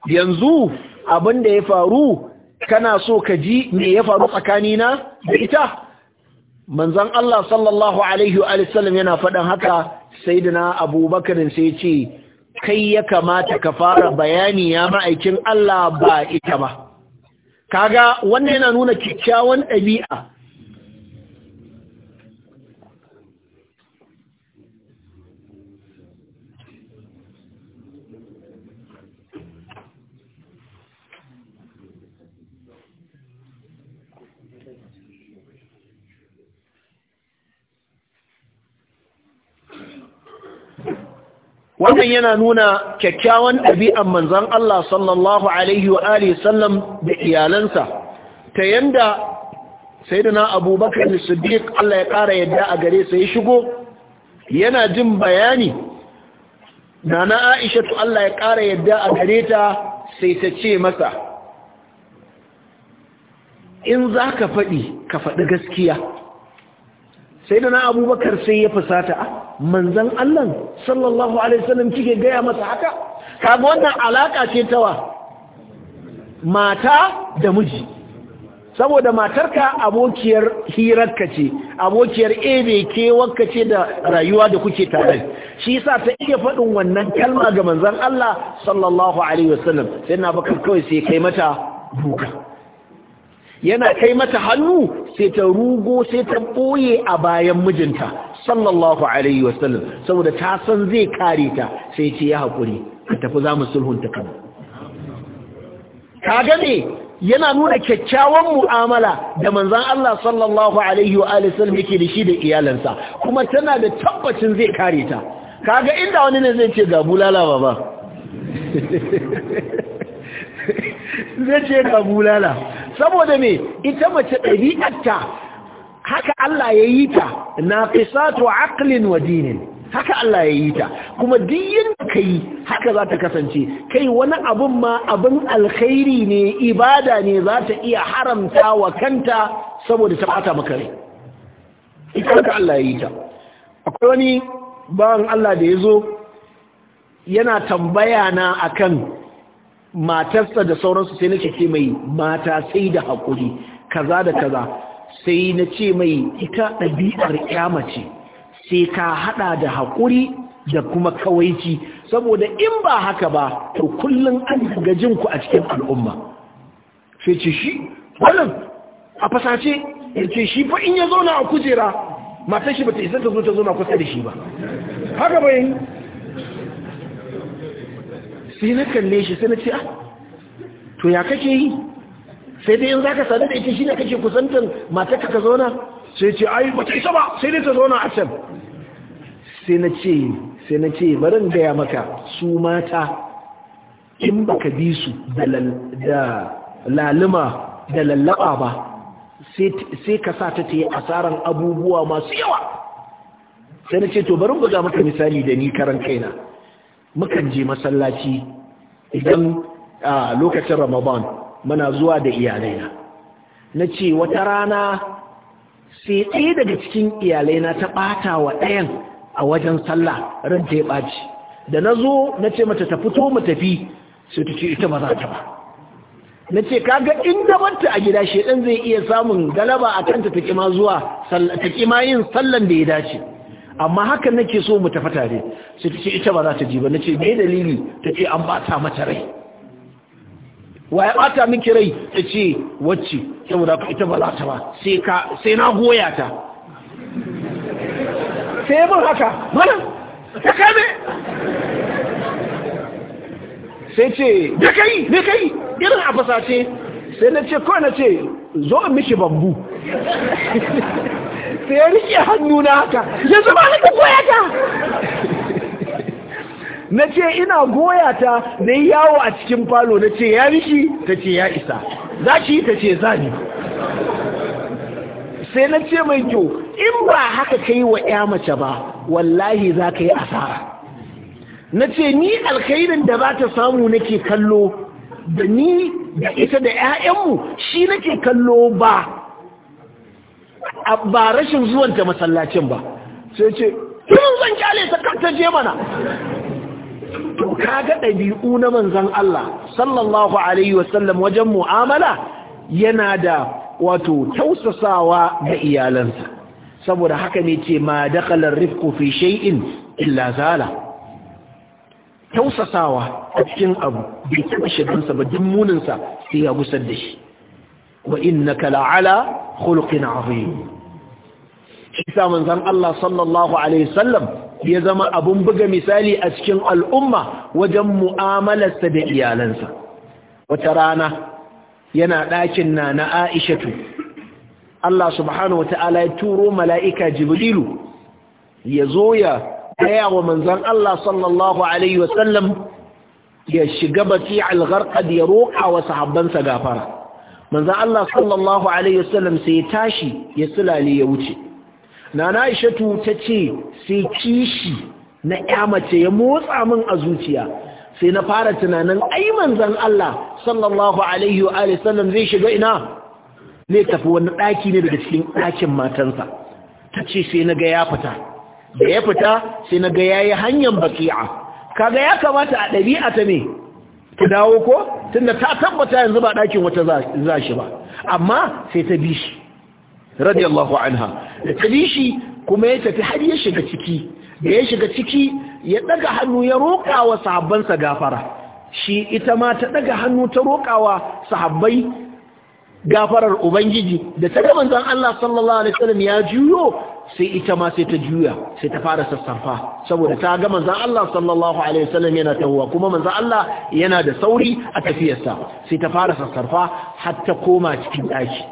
yanzu abin da ya faru kana so ka ji me ya faru tsakanina da ita manzon Allah sallallahu alaihi wa sallam yana faɗin haka sayyidina Abubakar sai ce kai ya kamata ka fara bayani ya ma'aikin Allah ba ita ba kaga wannan yana nuna kikkiawan ɗabi'a wannan yana nuna kyakkyawan ɗabi'an manzan Allah sallallahu alaihi wa sallam da iyalansa ta yanda sayyidina abubakar siddiq Allah ya ƙara yadda a gare sa ya shigo yana jin bayani nana aisha to Allah ya ƙara yadda a gare ta sai ta ce masa in za ka faɗi ka faɗi gaskiya sai da na abubakar sai ya fusata ah, manzan Allah sallallahu alaihi wasallam kike gaya masa haka kaga wannan alaka ce tawa mata da miji saboda matarka abokiyar hirarka ce abokiyar ebe kewarka ce da rayuwa da kuke tare shi yasa ta iya faɗin wannan kalma ga manzan Allah sallallahu alaihi wasallam sai na bakar kawai sai kai mata duka yana kai mata hannu sai ta rugo sai ta boye a bayan mijinta sallallahu alaihi wasallam saboda ta san zai kare ta sai ce ya hakuri ka tafi za mu sulhunta kan ka gane yana nuna kyakkyawan mu'amala da manzon Allah sallallahu alaihi wa alihi wasallam yake da shi da iyalansa kuma tana da tabbacin zai kare ta kaga inda wani ne zai ce ga bulala baba [LAUGHS] zai ce ga bulala saboda me ita mace ɗabi'arta haka Allah ya yi ta na naqisatu aƙalin wa dinin haka Allah ya yi ta kuma diyin ka yi haka za ta kasance kai wani abun ma abin alkhairi ne ibada ne za ta iya haramta wa kanta saboda ta bata maka ita haka Allah ya yi ta akwai wani bawan Allah da ya zo yana tambaya na akan matarsa da sauransu sai na ce mai mata sai da haƙuri kaza da kaza sai na ce mai ita ɗabi'ar ƙyamace sai ka haɗa da haƙuri da kuma kawaici saboda in ba haka ba to kullum an gajin ku a cikin al'umma sai ce shi wannan a fasace ya ce shi fa in ya zauna a kujera matar shi ba ta isa ta zo ta zauna kusa da shi ba haka bai sai na kalle shi sai na ce ah to ya kake yi sai dai in za ka sadu da ita shi ne kake kusantar matarka ka zauna sai ce ai ba ta isa ba sai dai ta zauna a can sai na ce sai na ce barin gaya maka su mata in ka bi su da lalima da lallaba ba sai ka sa ta yi asarar abubuwa masu yawa sai na ce to barin buga maka misali da ni karan kaina mukan je masallaci idan a lokacin ramadan muna zuwa da iyalaina na ce wata rana sai ɗaya daga cikin iyalaina ta ɓata wa ɗayan a wajen sallah ran ta ya ɓaci da na zo na ce mata ta fito mu tafi sai ta ce ita ba za ta ba na ce kaga inda banta a gida shedan zai iya samun galaba a kanta ta kima zuwa ta kima yin sallan da ya dace amma hakan nake so mu tafi tare sai ta ce ita ba za ta ji ba nace me dalili ta ce an bata mata rai wa ya bata miki rai ta ce wacce saboda ka ita ba za ta ba sai ka sai na goya ta sai mun haka mana ta me sai ce me kai me kai irin a fasace sai na ce nace na ce zo miki bambu [LAUGHS] sa ya rike hannu na haka ya zama haka goya ta [LAUGHS] na ce ina goya ta na yi yawo a cikin falo na ce ya rike ta ce ya isa za ki ta ce za ni sai na ce mai kyau in ba haka ka yi wa ya mace ba wallahi za ka yi asara na ce ni alkhairin da ba ta samu nake kallo da ni da ita da 'ya'yanmu shi nake kallo ba ba rashin zuwanta masallacin ba sai ce yin zan kyale ta kanta je mana to kaga ɗabi'u na manzan Allah sallallahu alaihi wasallam wajen mu'amala yana da wato tausasawa ga iyalansa saboda haka ne ce ma dakalar rifku fi shay'in illa zala tausasawa a cikin abu bai taɓa shigansa ba duk muninsa sai ya gusar da shi wa innaka la'ala khuluqin azim shi sa manzon Allah sallallahu alaihi wasallam ya zama abun buga misali a cikin al'umma wajen mu'amalarsa da iyalansa wata rana yana ɗakin na na Aishatu Allah subhanahu wata'ala ya turo mala'ika Jibrilu ya zo ya daya wa manzon Allah sallallahu alaihi wasallam ya shiga bati al-gharqad ya roƙa wa sahabansa gafara manzan Allah sallallahu Alaihi wasallam sai ya tashi ya sulale ya wuce nana aishatu ta ce sai kishi na ya mace ya motsa min a zuciya sai na fara tunanin ai manzan Allah sallallahu Alaihi wasallam zai shiga ina zai tafi wani ɗaki ne daga cikin ɗakin matansa ta ce sai na ga ya fita da ya fita sai na ga yi hanyar baki'a kaga ya kamata a ɗabi'a ta ne ki dawo ko tunda ta tabbata yanzu ba dakin wata za shi ba amma sai ta bishi radiyallahu anha da ta bishi kuma ya tafi har ya shiga ciki da ya shiga ciki ya daga hannu ya roƙawa wa sahabbansa gafara shi ita ma ta daga hannu ta roƙawa sahabbai gafarar ubangiji da ta ga manzon Allah sallallahu alaihi wasallam ya juyo sai ita ma sai ta juya sai ta fara sassafa saboda ta ga manzan Allah sallallahu alaihi wasallam yana tahuwa kuma manzan Allah yana da sauri a tafiyarsa sai ta fara sassafa har ta koma cikin daki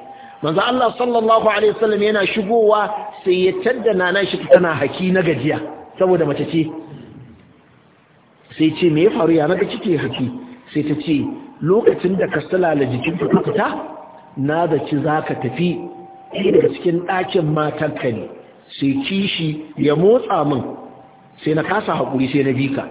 Manzan Allah sallallahu alaihi wasallam yana shigowa sai ya tadda nana shi tana haki na gajiya saboda mace ce sai ce me ya faru ya naga kike haki sai ta ce lokacin da ka salala jikin ka fita na zaci za ka tafi daga cikin ɗakin matanka ne sai kishi ya motsa min sai na kasa haƙuri sai na bika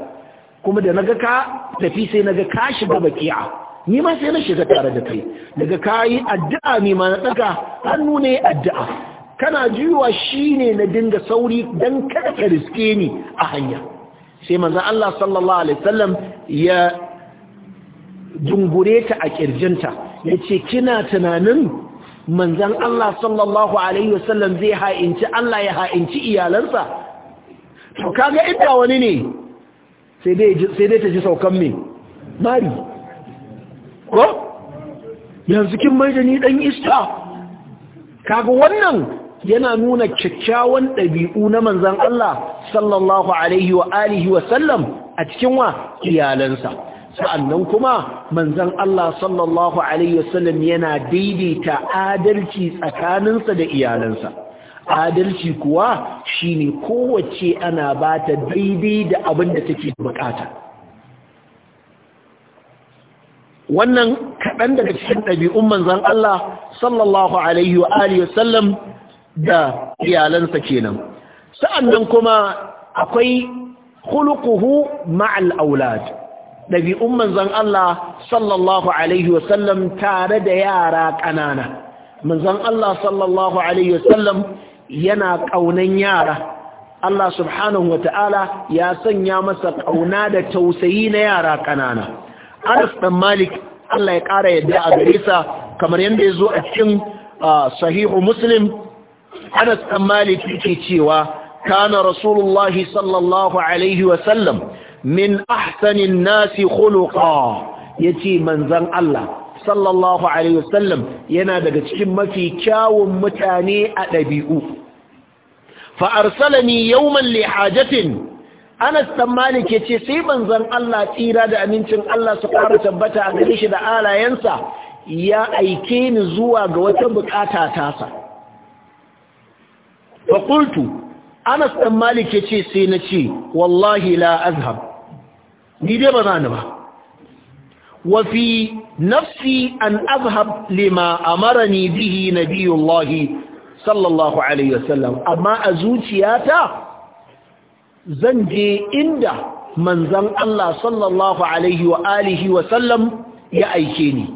kuma da naga ka tafi sai naga ka shiga baki'a ni ma sai na shiga tare da kai daga ka yi addu'a ni ma na ɗaga hannu ne addu'a kana jiwa shi ne na dinga sauri don kada ka riske ni a hanya sai manzan Allah sallallahu alaihi wasallam ya dungure ta a ƙirjinta. ya ce kina tunanin manzan Allah sallallahu Alaihi wasallam zai ha'inci Allah ya ha'inci iyalansa to kaga inda wani ne sai dai ta ji saukan mai mari ko yanzu kin mai da ni dan ista. kaga wannan yana nuna kyakkyawan ɗabi'u na manzan Allah sallallahu Alaihi wa alihi wasallam a cikin wa iyalansa sa'annan kuma manzon Allah sallallahu alaihi wasallam yana daidaita adalci tsakaninsa da iyalansa adalci kuwa shine kowace ana bata daidai da abin da take bukata wannan kaɗan daga cikin ɗabi'un manzan Allah sallallahu alaihi wa wasallam da iyalansa kenan sa'annan kuma akwai khuluquhu ma'al aulad ɗabi'un manzan Allah sallallahu alaihi wasallam tare da yara ƙanana manzan Allah sallallahu alaihi wasallam yana ƙaunan yara Allah subhanahu wata'ala ya sanya masa ƙauna da tausayi na yara ƙanana Anas ɗan Malik Allah ya ƙara yadda a gare sa kamar yadda ya zo a cikin sahihu Muslim Anas ɗan Malik yake cewa kana Rasulullah sallallahu alaihi wasallam min ahsanin nasi khuluqa yace manzon Allah sallallahu alaihi wasallam yana daga cikin mafi kyawun mutane a ɗabi'u fa arsalani yawman li hajatin Anas dan Malik yace sai manzon Allah tsira da amincin Allah su ƙara tabbata a gare shi da alayensa ya aike ni zuwa ga wata bukata tasa fa qultu Anas dan Malik yace sai na wallahi la azhab ni dai ba za ba wafi nafsi an azhab lima amarani bihi nabiyullahi sallallahu alaihi wasallam amma a zuciyata zan je inda manzan Allah sallallahu alaihi wa alihi sallam ya aike ni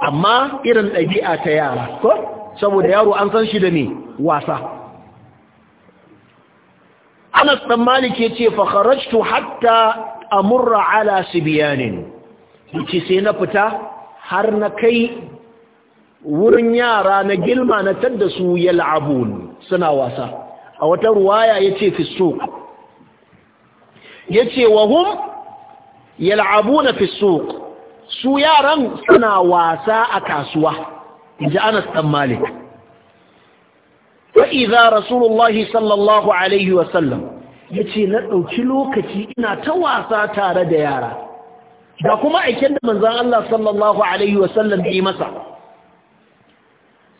amma irin ɗabi'a ta yara ko saboda yaro an san shi da ne wasa Anas dan Malik ce fa kharajtu hatta amurra ala sibiyanin yace sai na fita har na kai wurin yara na gilma na tadda su yal'abun suna wasa a wata ruwaya yace fi suq yace wa hum yal'abuna fi suq su yaran suna wasa a kasuwa inji Anas dan Malik fa idza rasulullahi sallallahu alaihi sallam. ya ce na ɗauki lokaci ina ta wasa tare da yara da kuma aiken da manzan Allah sallallahu Alaihi wasallam yi masa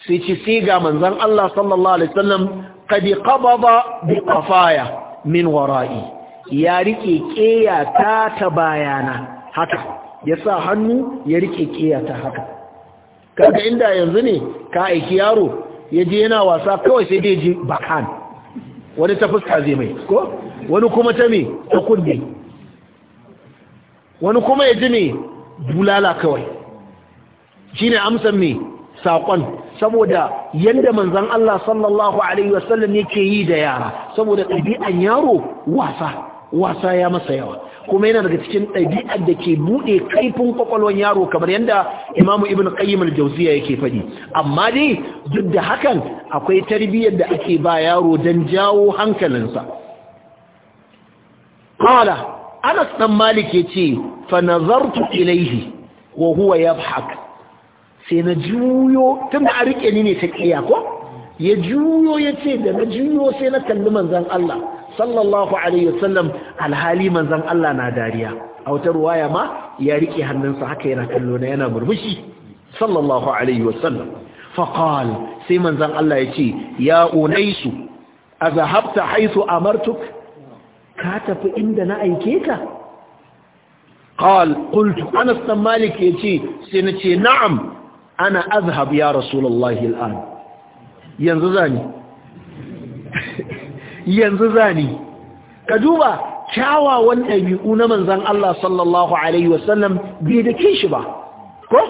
sai ce sai ga manzan Allah sallallahu Alaihi wasallam kadi kababa bi kafaya min wara'i ya rike keya ta ta bayana haka ya sa hannu ya rike keya ta haka kaga inda yanzu ne ka aiki yaro ya je yana wasa kawai sai dai ji bakan wani ta fuska zai mai ko wani kuma ta me ta kunne wani kuma ya ji me bulala kawai ne amsan me saƙon saboda yadda manzan Allah sallallahu Alaihi wasallam yake yi da yara saboda ɗabi'an yaro wasa wasa ya masa yawa kuma yana daga cikin ɗabi'ar da ke buɗe kaifin kwakwalwar yaro kamar yadda imamu ibn qayyim al-jawziya yake faɗi amma dai duk da hakan akwai tarbiyyar da ake ba yaro don jawo hankalinsa qala anas dan malik yace fa nazartu ilayhi wa huwa haka sai na juyo tunda a rike ni ne ta kiya ko ya juyo yace da na juyo sai na kalli manzon Allah sallallahu alaihi wasallam alhali manzon Allah na dariya a wata ruwaya ma ya rike hannunsa haka yana kallo na yana murmushi sallallahu alaihi wasallam faqal sai manzon Allah ya ce ya unaisu azahabta haythu amartuk ka tafi inda na aike ka qal qultu anas bin malik yace sai nace na'am ana azhab ya rasulullahi al'an yanzu zani yanzu zani ka duba kyawawan ɗabi'u na manzan Allah sallallahu alaihi wasallam bai da shi ba ko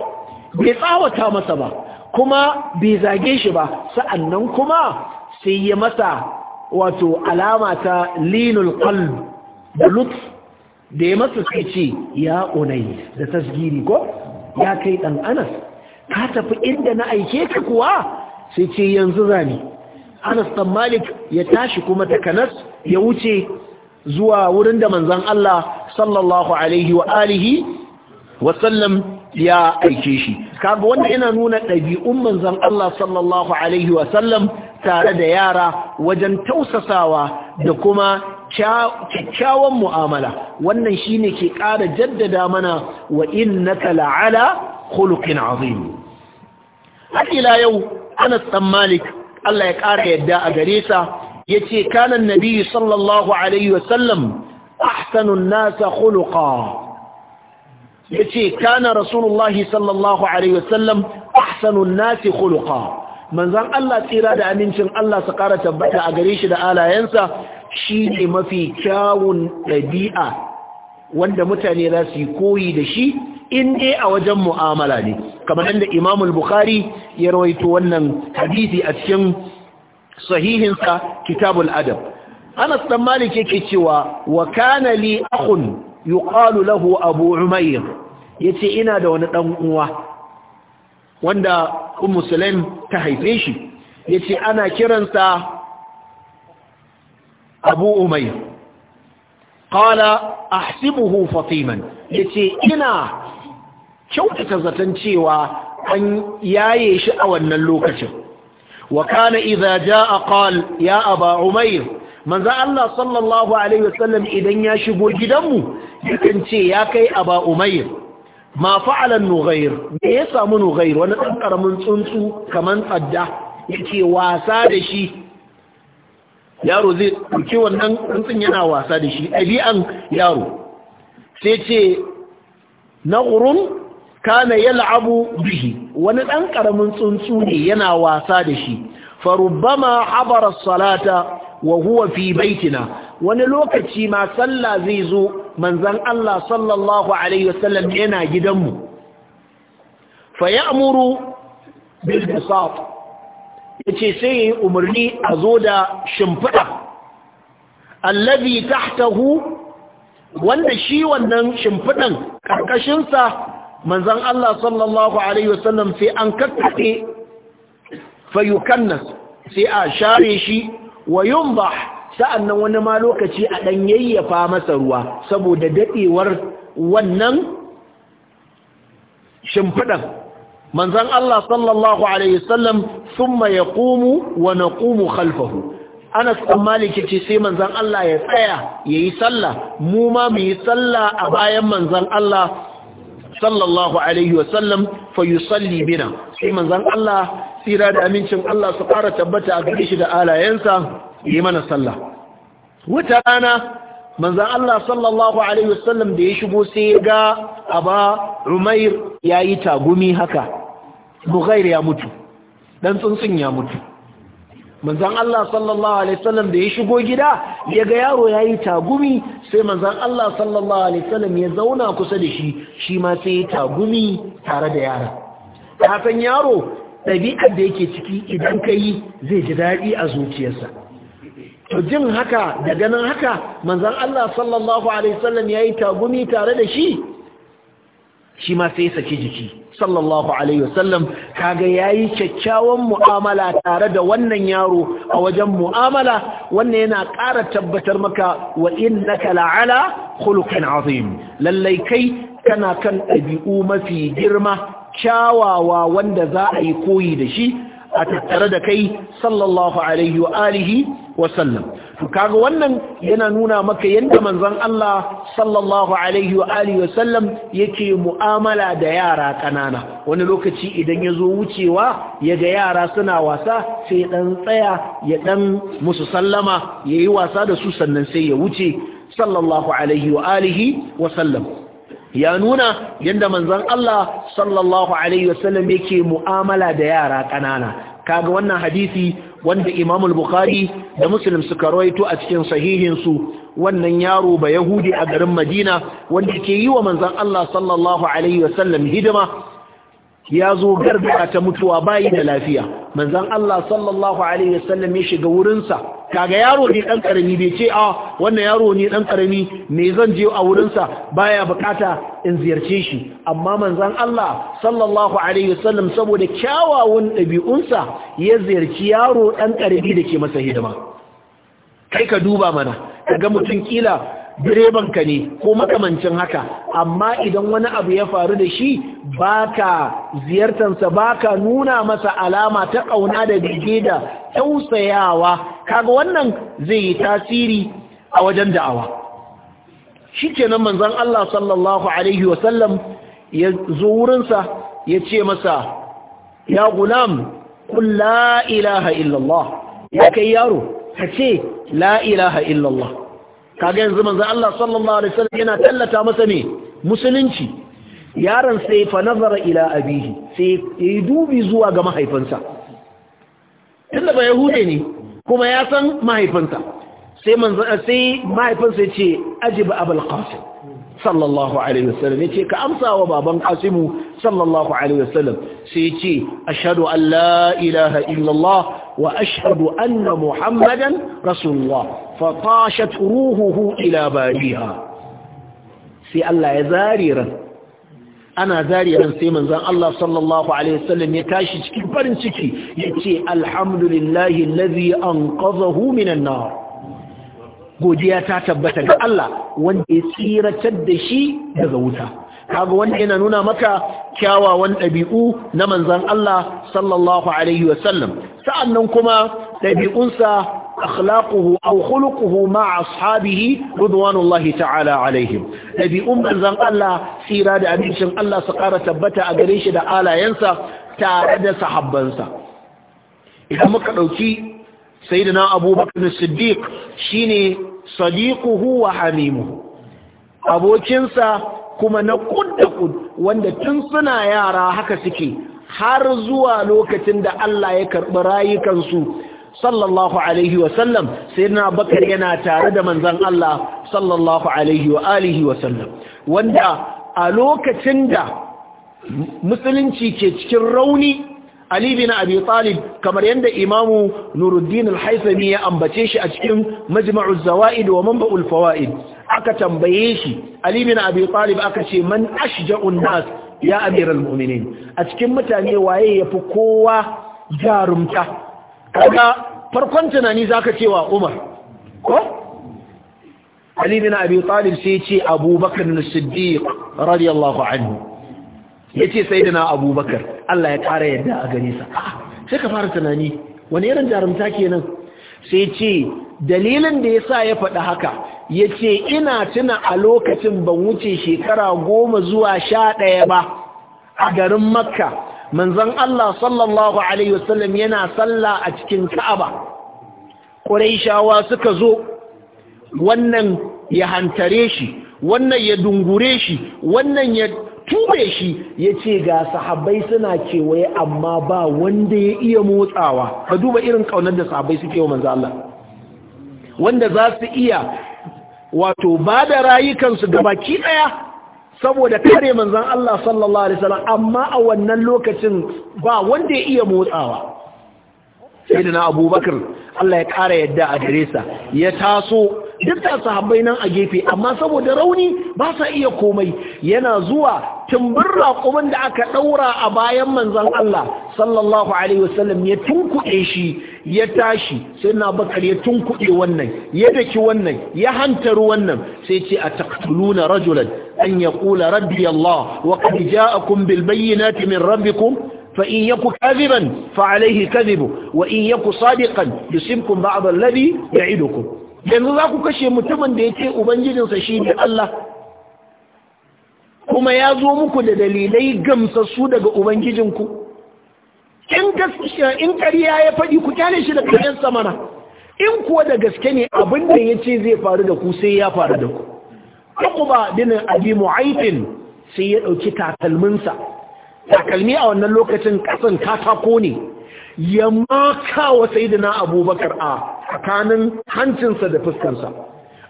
bai tsawata masa ba kuma bai zage shi ba sa'annan kuma sai ya masa wato alama ta linul qalb da da ya masa sai ce ya unai da tasgiri ko ya kai ɗan anas ka tafi inda na aike ka kuwa sai ce yanzu zani Anas dan Malik ya tashi kuma takanas ya wuce zuwa wurin da manzon Allah sallallahu alaihi wa alihi wa sallam ya aike shi kaga wanda yana nuna ɗabi'un manzon Allah sallallahu alaihi wa sallam tare da yara wajen tausasawa da kuma kyakkyawan mu'amala wannan shine ke ƙara jaddada mana wa innaka la'ala khuluqin azim har ila yau Anas dan Malik Allah ya ƙara yadda a gare sa ce kanan annabi sallallahu alaihi wasallam ahsanun nas khuluqa yace kanan rasulullahi sallallahu alaihi wasallam ahsanun nas khuluqa manzon Allah tsira da amincin Allah su ƙara tabbata a gare shi da alayensa shine mafi kyawun ɗabi'a wanda mutane za su yi koyi da shi in dai a wajen mu'amala ne kamar da Imam al-Bukhari ya rawaito wannan hadisi a cikin sahihinsa Kitabul Adab Anas dan Malik yake cewa wa kana li akhun yuqalu lahu Abu Umayr yace ina da wani dan uwa wanda Ummu Sulaim ta haife shi yace ana kiransa Abu Umayr qala ahsibuhu fatiman yace ina kyautata zaton cewa an yaye shi a wannan lokacin wa kana idza jaa qal ya aba umayr manzo Allah sallallahu alaihi wasallam idan ya shigo gidanmu yakan ce ya kai aba umayr ma fa'ala nughair me ya samu nughair wani dan karamin tsuntsu kaman tsadda yake wasa da shi yaro zai ɗauki wannan tsuntsun yana wasa da shi ɗabi'an yaro sai ce na kana yal'abu bihi wani dan karamin tsuntsu ne yana wasa da shi farubbama habara salata wa huwa fi baitina wani lokaci ma sallah zai zo manzon Allah sallallahu alaihi wasallam yana gidanmu fayamuru bil bisat yace sai umarni a zo da shimfida allazi tahtahu wanda shi wannan shimfidan karkashinsa manzan Allah sallallahu alaihi wasallam sai an kakkaɗe fayukannas sai a share shi wa yunba sa'annan wani ma lokaci a ɗan yayyafa masa ruwa saboda daɗewar wannan shimfiɗan manzan Allah sallallahu alaihi wasallam thumma yaqumu wa naqumu khalfahu Anas ɗan Malik ce sai manzan Allah ya tsaya yayi sallah mu ma mu yi sallah a bayan manzan Allah sallallahu alaihi wasallam fa yusalli bina sai manzon Allah tsira da amincin Allah su fara tabbata a gare shi da alayensa yi mana sallah wata rana manzon Allah sallallahu alaihi wasallam da ya shigo sai ga Aba Umair yayi tagumi haka Bughair ya mutu dan tsuntsun ya mutu manzon Allah sallallahu alaihi wasallam da ya shigo gida ya ga yaro yayi tagumi sai manzon Allah sallallahu alaihi wasallam ya zauna kusa da shi shi ma sai ya tagumi tare da yara. kafin yaro ɗabi'ar da yake ciki idan ka yi zai ji daɗi a zuciyarsa to jin haka da ganin haka manzon Allah sallallahu alaihi wasallam yayi tagumi tare da shi shi ma sai saki jiki sallallahu alaihi wasallam kaga yayi kyakkyawan mu'amala tare da wannan yaro a wajen mu'amala wannan yana ƙara tabbatar maka wa innaka la'ala khuluqin azim lallai kai kana kan ɗabi'u mafi girma kyawawa wanda za a yi koyi da shi a tattare da kai sallallahu alaihi wa alihi wa sallam to kaga wannan yana nuna maka yanda manzon Allah sallallahu alaihi wa alihi wasallam yake mu'amala da yara kanana wani lokaci idan yazo wucewa ya ga yara suna wasa sai dan tsaya ya dan musu sallama yayi wasa da su sannan sai ya wuce sallallahu alaihi wa alihi wasallam ya nuna yanda manzon Allah sallallahu alaihi wasallam yake mu'amala da yara kanana kaga wannan hadisi wanda Imam al-Bukhari da Muslim suka rawaito a cikin sahihin su wannan yaro ba Yahudi a garin Madina wanda ke yi wa manzon Allah sallallahu alaihi wasallam hidima ya zo gargara ta mutuwa bayi da lafiya manzan Allah sallallahu alaihi wasallam ya shiga wurinsa kaga yaro ne dan karami bai ce a ah, wannan yaro ne dan karami mai zan je a wurinsa baya bukata in ziyarce shi amma manzon Allah sallallahu alaihi wasallam saboda kyawawan ɗabi'unsa ya ziyarci yaro dan karami da ke masa hidima kai ka duba mana kaga mutum kila direbanka ne ko makamancin haka amma idan wani abu ya faru da shi baka ziyartansa baka nuna masa alama ta ƙauna da dige da tausayawa kaga wannan zai yi tasiri a wajen da'awa shikenan manzon Allah sallallahu alaihi wasallam ya zo wurinsa ya ce masa ya gulam kun la ilaha illallah ya kai yaro ka ce la ilaha illallah kaga yanzu manzo Allah sallallahu alaihi wasallam yana tallata masa ne musulunci yaron sai fa nazara ila abihi sai yayi dubi zuwa ga mahaifinsa tunda ba yahude ne kuma ya san mahaifinsa sai manzo sai mahaifinsa ya ce ajib abul qasim sallallahu alaihi wasallam yace ka amsa wa baban Qasimu sallallahu alaihi wasallam sai yace ashhadu an la ilaha illallah wa ashhadu anna muhammadan rasulullah fa tashat ruhuhu ila bariha sai Allah ya zari ran ana zari ran sai manzon Allah sallallahu alaihi wasallam ya tashi cikin farin ciki yace alhamdulillahi alladhi anqadhahu minan nar godiya ta tabbata ga Allah wanda ya tsiratar da shi daga wuta kaga wanda yana nuna maka kyawawan ɗabi'u na manzon Allah sallallahu alaihi wasallam sa'annan kuma ɗabi'unsa akhlaquhu aw khuluquhu ma'a ashabihi ridwanullahi ta'ala alaihim ɗabi'un manzon Allah tsira da abincin Allah su ƙara tabbata a gare shi da alayensa tare da sahabbansa idan muka ɗauki sayyidina abubakar siddiq shine sadiquhu wa hamimuhu abokinsa kuma na kudda kud wanda tun suna yara haka suke har zuwa lokacin da Allah ya karɓi rayukansu sallallahu alaihi wa sallam, sayyidina bakar yana tare da manzan Allah sallallahu alaihi wa alihi wanda a lokacin da musulunci ke cikin rauni Ali bin Abi Talib kamar yadda Imamu Nuruddin Al-Haythami ya ambace shi a cikin Majma'u Zawaid wa Manba'ul Fawaid aka tambaye shi Ali bin Abi Talib aka ce man ashja'un nas ya amiral mu'minin a cikin mutane waye yafi kowa jarumta kaga farkon tunani zaka cewa Umar ko Ali bin Abi Talib sai ce Abu Bakr as-Siddiq radiyallahu anhu ya ce sai da na abubakar Allah ya ƙara yadda a gare sa sai ka fara tunani wani irin jarumta kenan sai ce dalilin da ya sa ya faɗi haka ya ce ina tuna a lokacin ban wuce shekara goma zuwa sha ɗaya ba a garin makka manzon Allah sallallahu alaihi wasallam yana sallah a cikin ka'aba ƙuraishawa suka zo wannan ya hantare shi wannan ya dungure shi wannan ya tube shi ya ce ga sahabbai suna kewaye amma ba wanda ya iya motsawa ka duba irin kaunar da sahabbai suke wa manzo Allah wanda za su iya wato ba da rayukansu ga baki daya saboda kare manzon Allah sallallahu alaihi wasallam amma a wannan lokacin ba wanda ya iya motsawa sai da na abubakar Allah ya ƙara yadda a garesa sa ya taso duk da sahabbai nan a gefe amma saboda rauni ba sa iya komai yana zuwa tumbin raƙumin da aka ɗaura a bayan manzon Allah sallallahu alaihi wasallam ya tunkuɗe shi ya tashi sai na bakar ya tunkuɗe wannan ya daki wannan ya hantar wannan sai ce a taqtuluna rajulan an yaqula rabbi Allah wa qad ja'akum bil bayyinati min rabbikum فإن يكن كاذبا فعليه كذبه وإن يكن صادقا يصيبكم بعض الذي يعدكم yanzu za ku kashe mutumin da ya ce ubangijinsa shi ne Allah kuma ya zo muku da dalilai gamsassu daga ubangijinku in kariya ya faɗi ku kyale shi da ƙaryar samana in kuwa da gaske ne abin da ya ce zai faru da ku sai ya faru da ku ba dinin abi mu'aifin sai ya ɗauki takalminsa takalmi a wannan lokacin kasan katako ne ya maka wa sayidina abubakar a tsakanin hancinsa da fuskarsa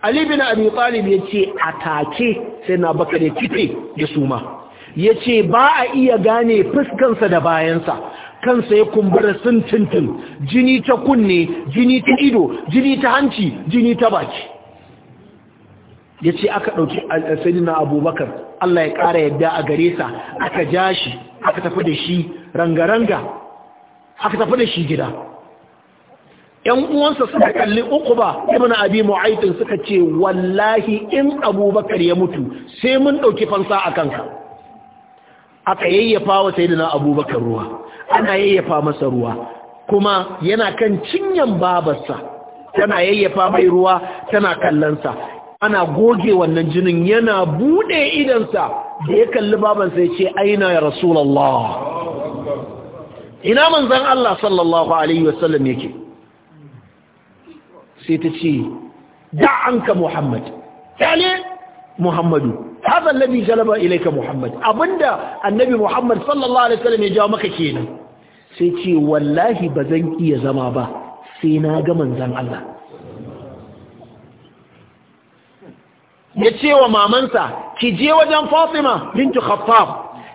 ali bin abi talib ya ce a take sai na bakar ya kife ya suma ya ce ba a iya gane fuskansa da bayansa kansa ya kumbura sun tuntun jini ta kunne jini ta ido jini ta hanci jini ta baki ya ce aka ɗauki sayyidina abubakar Allah ya ƙara yadda a gare sa aka ja shi aka tafi da shi rangaranga aka tafi da shi gida ‘yan uwansa suka kalli uku ba ibn abi mu'aitin suka ce wallahi in abubakar ya mutu sai mun ɗauki fansa a kanka aka yayyafa wa sayyidina abubakar ruwa ana yayyafa masa ruwa kuma yana kan cinyan babarsa tana yayyafa mai ruwa tana kallonsa ana goge wannan jinin yana bude idansa da ya kalli babansa ya ce aina ya rasulallah ina manzan Allah sallallahu alaihi wasallam yake sai ta ce da'anka muhammad kyale muhammadu haɗa labi jalaba ilaika muhammad abinda annabi muhammad sallallahu alaihi wasallam ya jawo maka kenan sai ce wallahi ba zan iya zama ba sai na ga manzan Allah ya ce wa mamansa ki je wajen Fatima bintu Khattab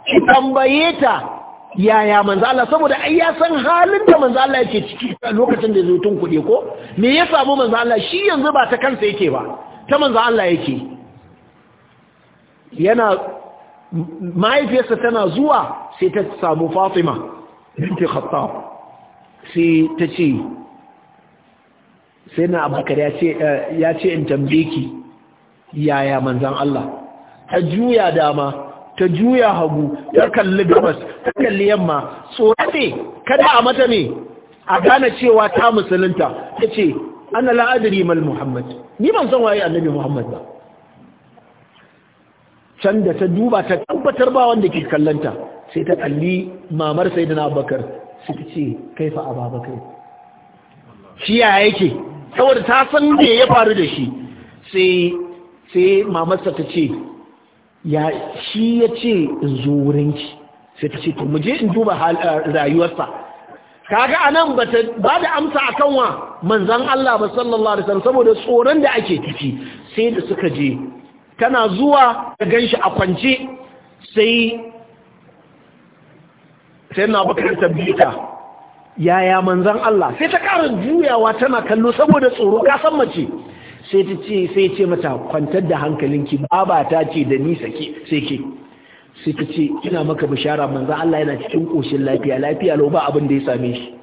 ki tambaye ta yaya manzo Allah saboda ai ya san halin da manzo Allah yake ciki a lokacin da zai tun kuɗe ko me ya samu manzo Allah shi yanzu ba ta kansa yake ba ta manzo Allah yake yana mahaifiyarsa tana zuwa sai ta samu Fatima bintu Khattab sai ta ce sai na abakar ya ce in tambaye ki yaya manzan Allah ta juya dama ta juya hagu ta kalli gabas ta kalli yamma tsorate kada a mata ne a gane cewa ta musulunta ta ce ana la'adari mal muhammad ni ban san waye annabi muhammad ba can da ta duba ta tabbatar ba wanda ke kallanta sai ta kalli mamar sayyidina abubakar sai ta ce kaifa ababakar shi ya yake saboda ta san me ya faru da shi sai sai mamarsa ta ce ya shi ya ce zurinki sai ta ce to mu je in duba eh, rayuwarsa kaga anan bata ta ba da amsa akan wa manzon Allah ba sallallahu alaihi wasallam saboda tsoron da ake tafi sai da suka je tana zuwa ta ganshi a kwance sai sai na baka tabbita yaya manzon Allah sai ta ƙara juyawa tana kallo saboda tsoro ka san mace sai ta ce sai ce mata kwantar da hankalinki baba ta ce da ni sake sai ke sai ta ce ina maka bishara manzo Allah yana cikin koshin lafiya lafiya lau ba abin da ya same shi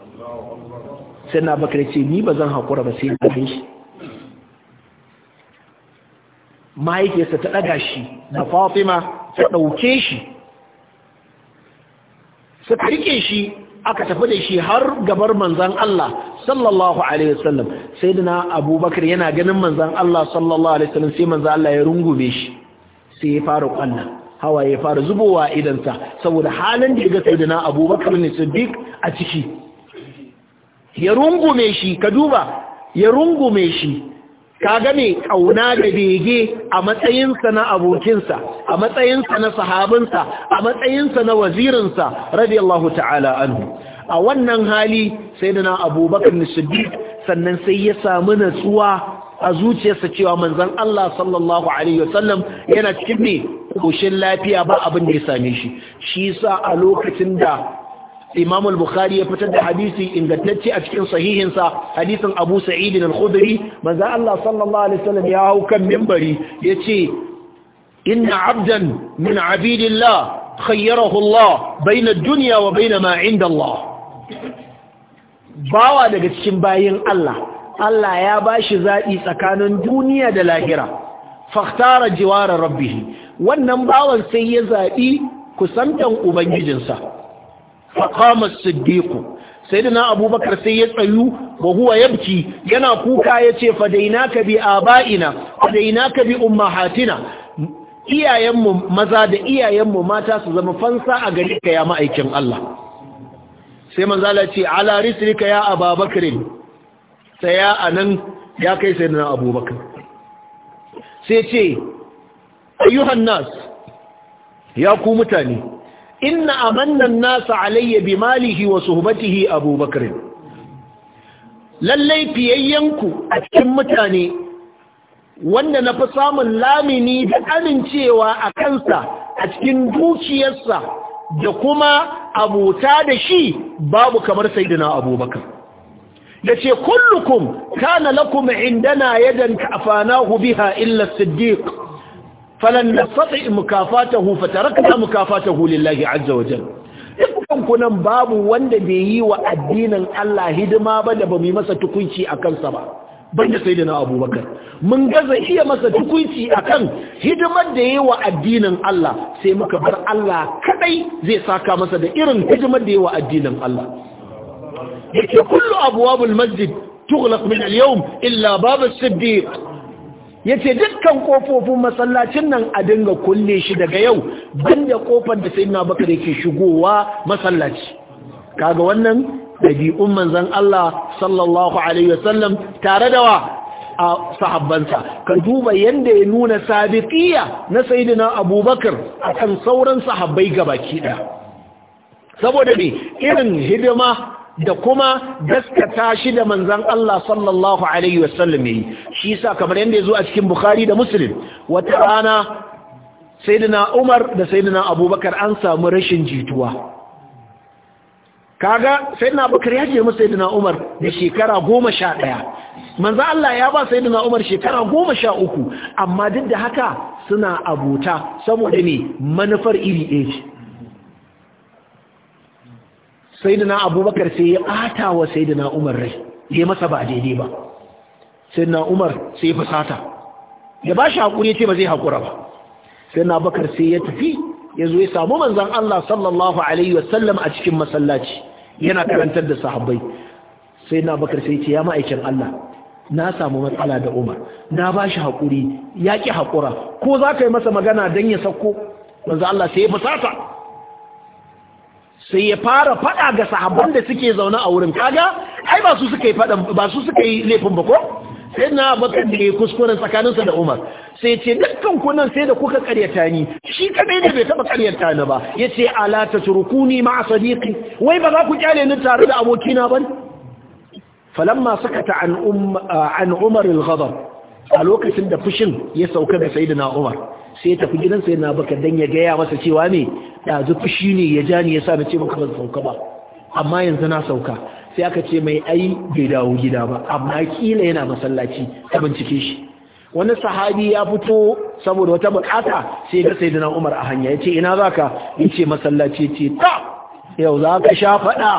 sai na bakar ce ni ba zan hakura ba sai na shi mahaifiyarsa ta ɗaga shi da fafima ta ɗauke shi ta rike shi aka tafi da shi har gabar manzan Allah sallallahu alaihi wasallam sai dana abubakar yana ganin manzan Allah sallallahu alaihi wasallam sai manzan Allah ya rungume shi sai ya fara kwalla hawa ya fara zubowa idansa saboda halin da ya ga sayyidina abubakar ne siddiq a ciki ya rungume shi ka duba ya rungume shi Ka mai kauna da bege a matsayinsa na abokinsa a matsayinsa na sahabinsa a matsayinsa na wazirinsa radiyallahu ta'ala anhu a wannan hali sai da na abubakar siddiq sannan sai ya samu natsuwa a zuciyarsa cewa manzon Allah sallallahu alaihi wasallam yana cikin ne koshin lafiya ba abin da ya same shi shi sa a lokacin da imam al-bukhari ya fitar da hadisi ingantacce a cikin sahihinsa hadisin abu sa'id al-khudri manzo Allah sallallahu alaihi wasallam ya hau kan minbari yace inna abdan min abidillah khayyarahu Allah bayna ad-dunya wa baina ma 'inda Allah bawa daga cikin bayin Allah Allah ya bashi zabi tsakanin duniya da lahira fakhtara jiwara rabbih wannan bawan sai ya zabi kusantan ubangijinsa faqama as-siddiq abubakar sai ya tsayu wa huwa yabki yana kuka yace ka bi abaina ka bi ummahatina iyayenmu maza da iyayenmu mata su zama fansa a gari ka ya ma'aikin Allah sai manzala ce ala risrika ya ababakarin sai ya anan ya kai sai abubakar sai ce ayyuhan nas ya ku mutane inna amannan nasa alayya bi malihi wa suhbatihi abubakar lallai fiyayyanku a cikin mutane wanda na fi samun lamini da amincewa a kansa a cikin dukiyarsa da kuma abota da shi babu kamar saidina abubakar da ce kullukum kana lakum indana yadan kafanahu biha illa siddiq falan nastati mukafatahu fatarakna mukafatahu lillahi azza wa jalla dukkan kunan babu wanda bai yi wa addinin Allah hidima ba da ba mu masa tukunci a kansa ba banda sai da na abubakar mun gaza iya masa tukunci akan hidimar da yi wa addinin Allah sai muka bar Allah kadai zai saka masa da irin hidimar da yi wa addinin Allah yake kullu abwabul masjid tughlaq min al-yawm illa babu as-siddiq yace dukkan kofofin masallacin nan a dinga kulle shi daga yau banda kofar da sayyidina bakar yake shigowa masallaci kaga wannan ɗabi'un manzon Allah sallallahu alaihi wasallam tare da wa a sahabbansa ka duba yadda ya nuna sabiqiyya na sayyidina abubakar akan sauran sahabbai gabaki ɗaya saboda ne irin hidima da kuma gaskata shi da manzan Allah sallallahu alaihi wasallam yi shi yasa kamar ya zo a cikin Bukhari da Musulun wata rana sayyidina Umar da sayyidina Abubakar an samu rashin jituwa kaga sayyidina Abubakar ya je masa sayyidina Umar da shekara ɗaya. manzan Allah ya ba sayyidina Umar shekara uku. amma duk da haka suna abuta saboda ne manufar iri ɗaya saidina abubakar sai ya ɓata wa na umar rai ya masa ba daidai ba na umar sai ya fusata ya ba shi haƙuri ya ce ba zai haƙura ba na abubakar sai ya tafi ya zo ya samu manzan Allah sallallahu alaihi wasallam a cikin masallaci yana karantar da sahabbai na abubakar sai ya ce ya ma'aikin Allah na samu matsala da Umar na ba shi haƙuri ya ƙi haƙura ko za ka yi masa magana don ya sauko manzan Allah sai ya fasata. sai ya fara faɗa ga sahabban da suke zaune a wurin kaga ai ba su suka yi ba su suka yi laifin ba ko sai na bakar da ya kuskuren tsakaninsa da Umar sai ce dukkan kunan sai da kuka karyata ni shi kadai da bai taba karyata ni ba yace ala tatrukuni ma sadiqi wai ba za ku kyale ni tare da abokina ba falamma sakata an um, an Umar al-ghadab a lokacin da fushin ya sauka ga da Na'umar, sai ya tafi gidan yana baka dan ya gaya masa cewa ne ɗazu fushi ne ya ja ni sa na ce maka ban sauka ba amma yanzu na sauka sai aka ce mai ai bai dawo gida ba amma kila yana masallaci ta bincike shi wani sahabi ya fito saboda wata bukata sai ga da Na'umar a hanya yace ina zaka yace masallaci ce ta yau zaka sha fada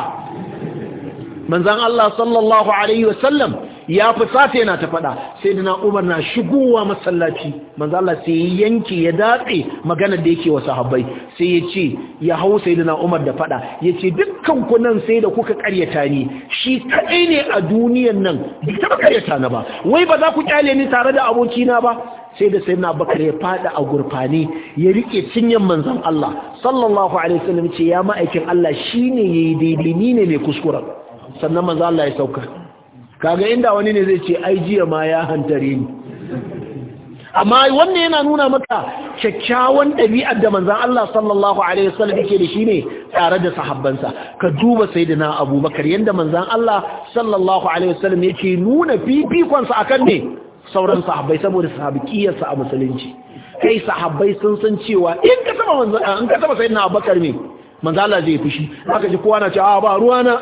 manzon Allah sallallahu alaihi wasallam ya fi safe yana ta faɗa sai da na umar na shigowa masallaci manzala sai ya yanke ya datse magana da yake wasu sahabbai sai ya ce ya hau sai da na umar da faɗa ya ce dukkan ku nan sai da kuka karyata ni shi kaɗai ne a duniyan nan bai taɓa karyata na ba wai ba za ku kyale ni tare da abokina ba sai da sai na bakar ya fada a gurfani ya rike cinyan manzan Allah sallallahu alaihi wasallam ce ya ma'aikin Allah shine yayi daidai ni ne mai kuskura sannan manzon Allah ya sauka kaga inda wani ne zai ce ai jiya ma ya hantare ni amma wannan yana nuna maka kyakkyawan ɗabi'ar da manzan Allah sallallahu alaihi wasallam yake da shi ne tare da sahabbansa ka duba sayyidina Abubakar yanda manzan Allah sallallahu alaihi wasallam yake nuna fifikonsa sa akan ne sauran sahabbai saboda sahabikiyarsa a musulunci kai sahabbai sun san cewa in ka saba manzan ka sayyidina Abubakar ne manzan Allah zai fushi haka ji kowa na cewa ah, ba ruwa na.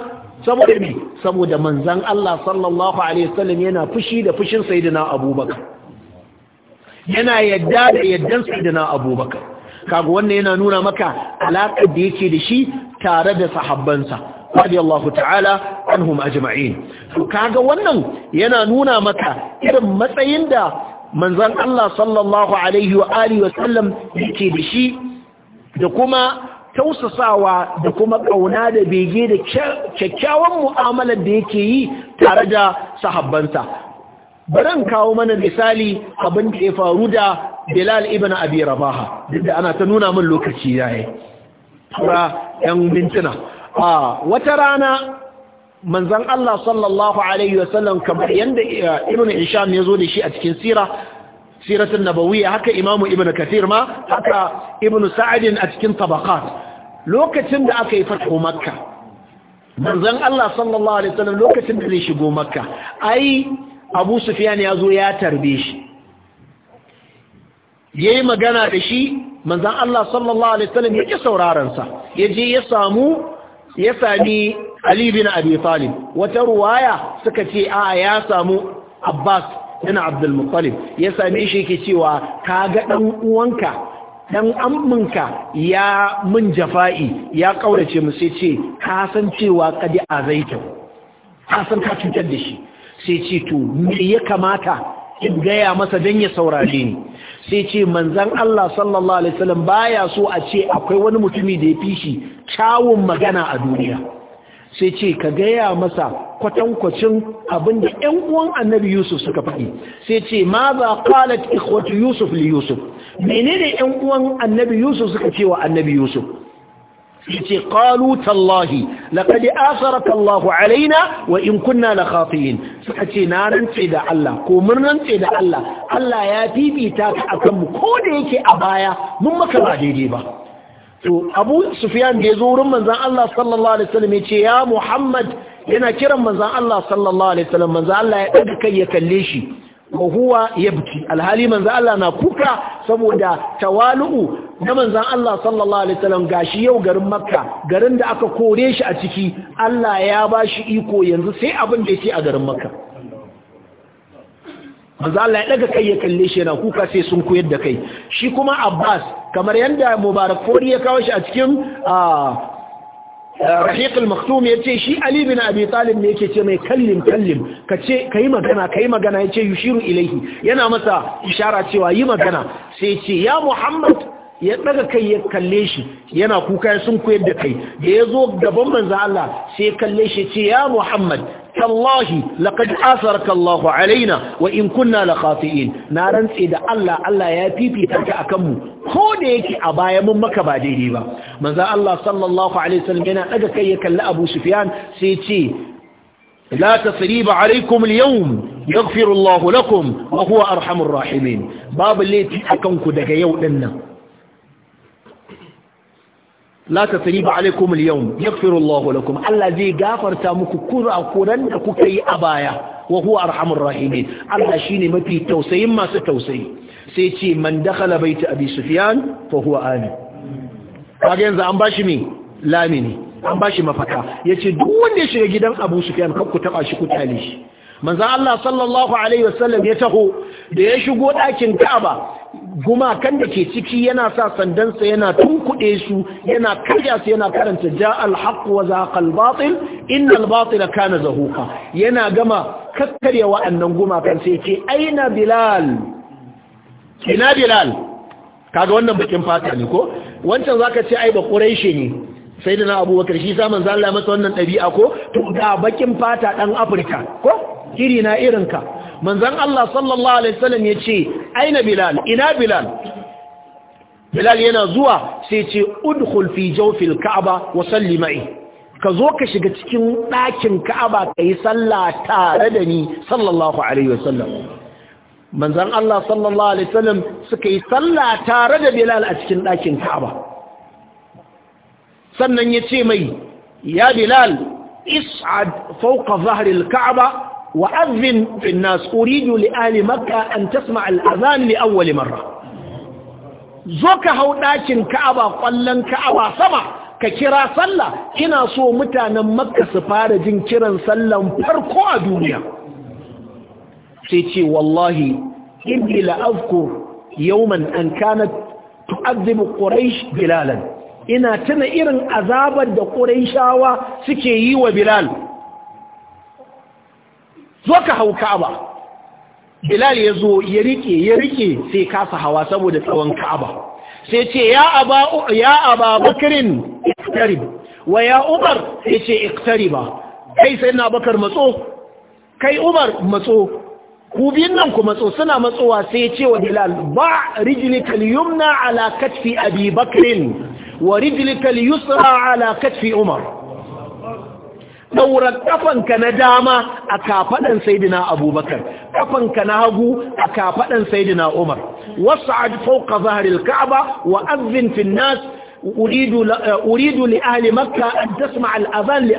saboda me saboda manzan Allah sallallahu alaihi wasallam yana fushi da fushin sayyidina abubakar yana yadda da yaddan sayyidina abubakar kaga wannan yana nuna maka alaƙar da yake da shi tare da sahabbansa radiyallahu ta'ala anhum ajma'in kaga wannan yana nuna maka irin matsayin da manzan Allah sallallahu alaihi wa alihi wasallam yake da shi da kuma tausasawa da kuma ƙauna da bege da kyakkyawan mu'amalar da yake yi tare da sahabbansa baran kawo mana misali abin da ya faru da Bilal ibn Abi Rabaha duk da ana ta nuna min lokaci yayi tura yan mintuna a wata rana manzon Allah sallallahu alaihi wasallam kamar yadda Ibn Hisham ya zo da shi a cikin sira siratun nabawiyya haka imamu ibn kathir ma haka ibn sa'adin a cikin tabakat lokacin da aka yi fatho makka manzon Allah sallallahu alaihi wasallam lokacin da zai shigo makka ai Abu Sufyan ya zo ya tarbe shi yayi magana da shi manzon Allah sallallahu alaihi wasallam ya ki sauraron yaje ya samu ya sami Ali bin Abi Talib wata ruwaya suka ce a ya samu Abbas bin Abdul Muttalib ya same shi yake cewa ka ga ɗan uwanka dan amminka ya mun jafa'i ya kaurace mu sai ce ka san cewa kadi azaita ka san ka cutar da shi sai ce to me ya kamata in gaya masa dan ya saurare ni sai ce manzan Allah sallallahu alaihi wasallam baya so a ce akwai wani mutumi da ya fi shi kyawun magana a duniya sai ce ka gaya masa kwatankwacin abin da ‘yan uwan annabi Yusuf suka faɗi sai ce ma ba kalat ikhwatu Yusuf li Yusuf menene ‘yan uwan annabi Yusuf suka ce wa annabi Yusuf sai ce qalu tallahi laqad asaraka Allah alaina wa in kunna la khatiin suka ce na rantse da Allah ko mun rantse da Allah Allah ya fifita ka akan mu ko da yake a baya mun maka ba daidai ba to abu sufyan da ya zo wurin manzan Allah sallallahu alaihi wasallam ya ce ya muhammad yana kiran manzan Allah sallallahu alaihi wasallam manzan Allah ya ɗaga kai ya kalle shi wa huwa yabki alhali manzan Allah na kuka saboda tawalu'u na manzan Allah sallallahu alaihi wasallam gashi yau garin makka garin da aka kore shi a ciki Allah ya ba shi iko yanzu sai abin da yake a garin makka manzo Allah ya daga kai ya kalle shi yana kuka sai sun koyar da kai shi kuma Abbas kamar yanda Mubarak Fori ya kawo shi a cikin Rahiq al-Maktum ce shi Ali bin Abi Talib ne yake ce mai kallim kallim kace kai magana kai magana yace yushiru ilaihi yana masa ishara cewa yi magana sai ce ya Muhammad ya daga kai ya kalle shi yana kuka ya sun koyar da kai da ya zo gaban manzo Allah sai ya kalle shi ce ya Muhammad tallahi laqad asaraka Allah alaina wa in kunna lakhatiin na rantse da Allah Allah ya fifita ka akan mu ko da yake a baya mun maka ba daidai ba manzo Allah sallallahu alaihi wasallam yana daga kai ya kalli Abu Sufyan sai ce لا تصريب عليكم lakum يغفر الله لكم وهو أرحم الراحمين باب اللي تحكمك دقا يوم la ba alaikum al ya yaghfiru Allahu lakum Allah zai gafarta muku a kurakuran da kuka yi a baya wa huwa arhamur rahimin Allah shine mafi tausayin masu tausayi sai ce man dakhala bait abi sufyan fa huwa amin kaga yanzu an bashi me lamini an bashi mafaka yace duk wanda ya shiga gidan Abu Sufyan kar ku taba shi ku tale shi manzo Allah sallallahu alaihi wasallam ya taho da ya shigo ɗakin kaba gumakan da ke ciki yana sa sandansa yana tunkuɗe su yana karya su yana karanta ja alhaq wa zaqal batil inna albatil kana zahuqa yana gama kakkarya wa'annan gumakan sai ce aina bilal ina bilal kaga wannan bakin fata ne ko wancan zaka ce ai ba quraishi ne sai da na abubakar shi samun zalla masa wannan ɗabi'a ko to ga bakin fata ɗan afirka ko kiri na irinka manzon Allah sallallahu alaihi wasallam yace aina bilal ina bilal bilal yana zuwa sai ce udkhul fi jawfil ka'aba wa salli ka zo ka shiga cikin ɗakin ka'aba ka yi sallah tare da ni sallallahu alaihi wasallam manzan Allah sallallahu alaihi wasallam suka yi sallah tare da Bilal a cikin ɗakin ka'aba sannan ya ce mai ya Bilal is'ad fawqa zahri kaaba وأذن في الناس أريد لآل مكة أن تسمع الأذان لأول مرة زوك هوداكن كعبة قلن كعبة سمع ككرا صلى إنا سو متانا مكة سفارة كرا صلى فرقوا دنيا سيتي والله إني لأذكر يوما أن كانت تؤذب قريش بلالا إنا تنئر أذابا دا قريشاوا سكي وبلال zo ka hau ka'aba bilal ya zo ya rike ya rike sai kasa hawa saboda tsawon ka'aba sai ce ya aba ya aba bakrin iktarib wa ya umar sai ce iktariba kai sai na bakar matso kai umar matso ku biyun nan ku matso suna matsowa sai ya ce wa bilal ba rijlika yumna ala katfi abi bakrin wa rijlika yusra ala katfi umar ɗaura kafanka na dama a kafaɗan saidina abubakar kafanka na hagu a kafaɗan saidina umar wasu a fauka zaharil ka'aba wa azin finnas eh, uridu li ahli makka an tasma al'azan li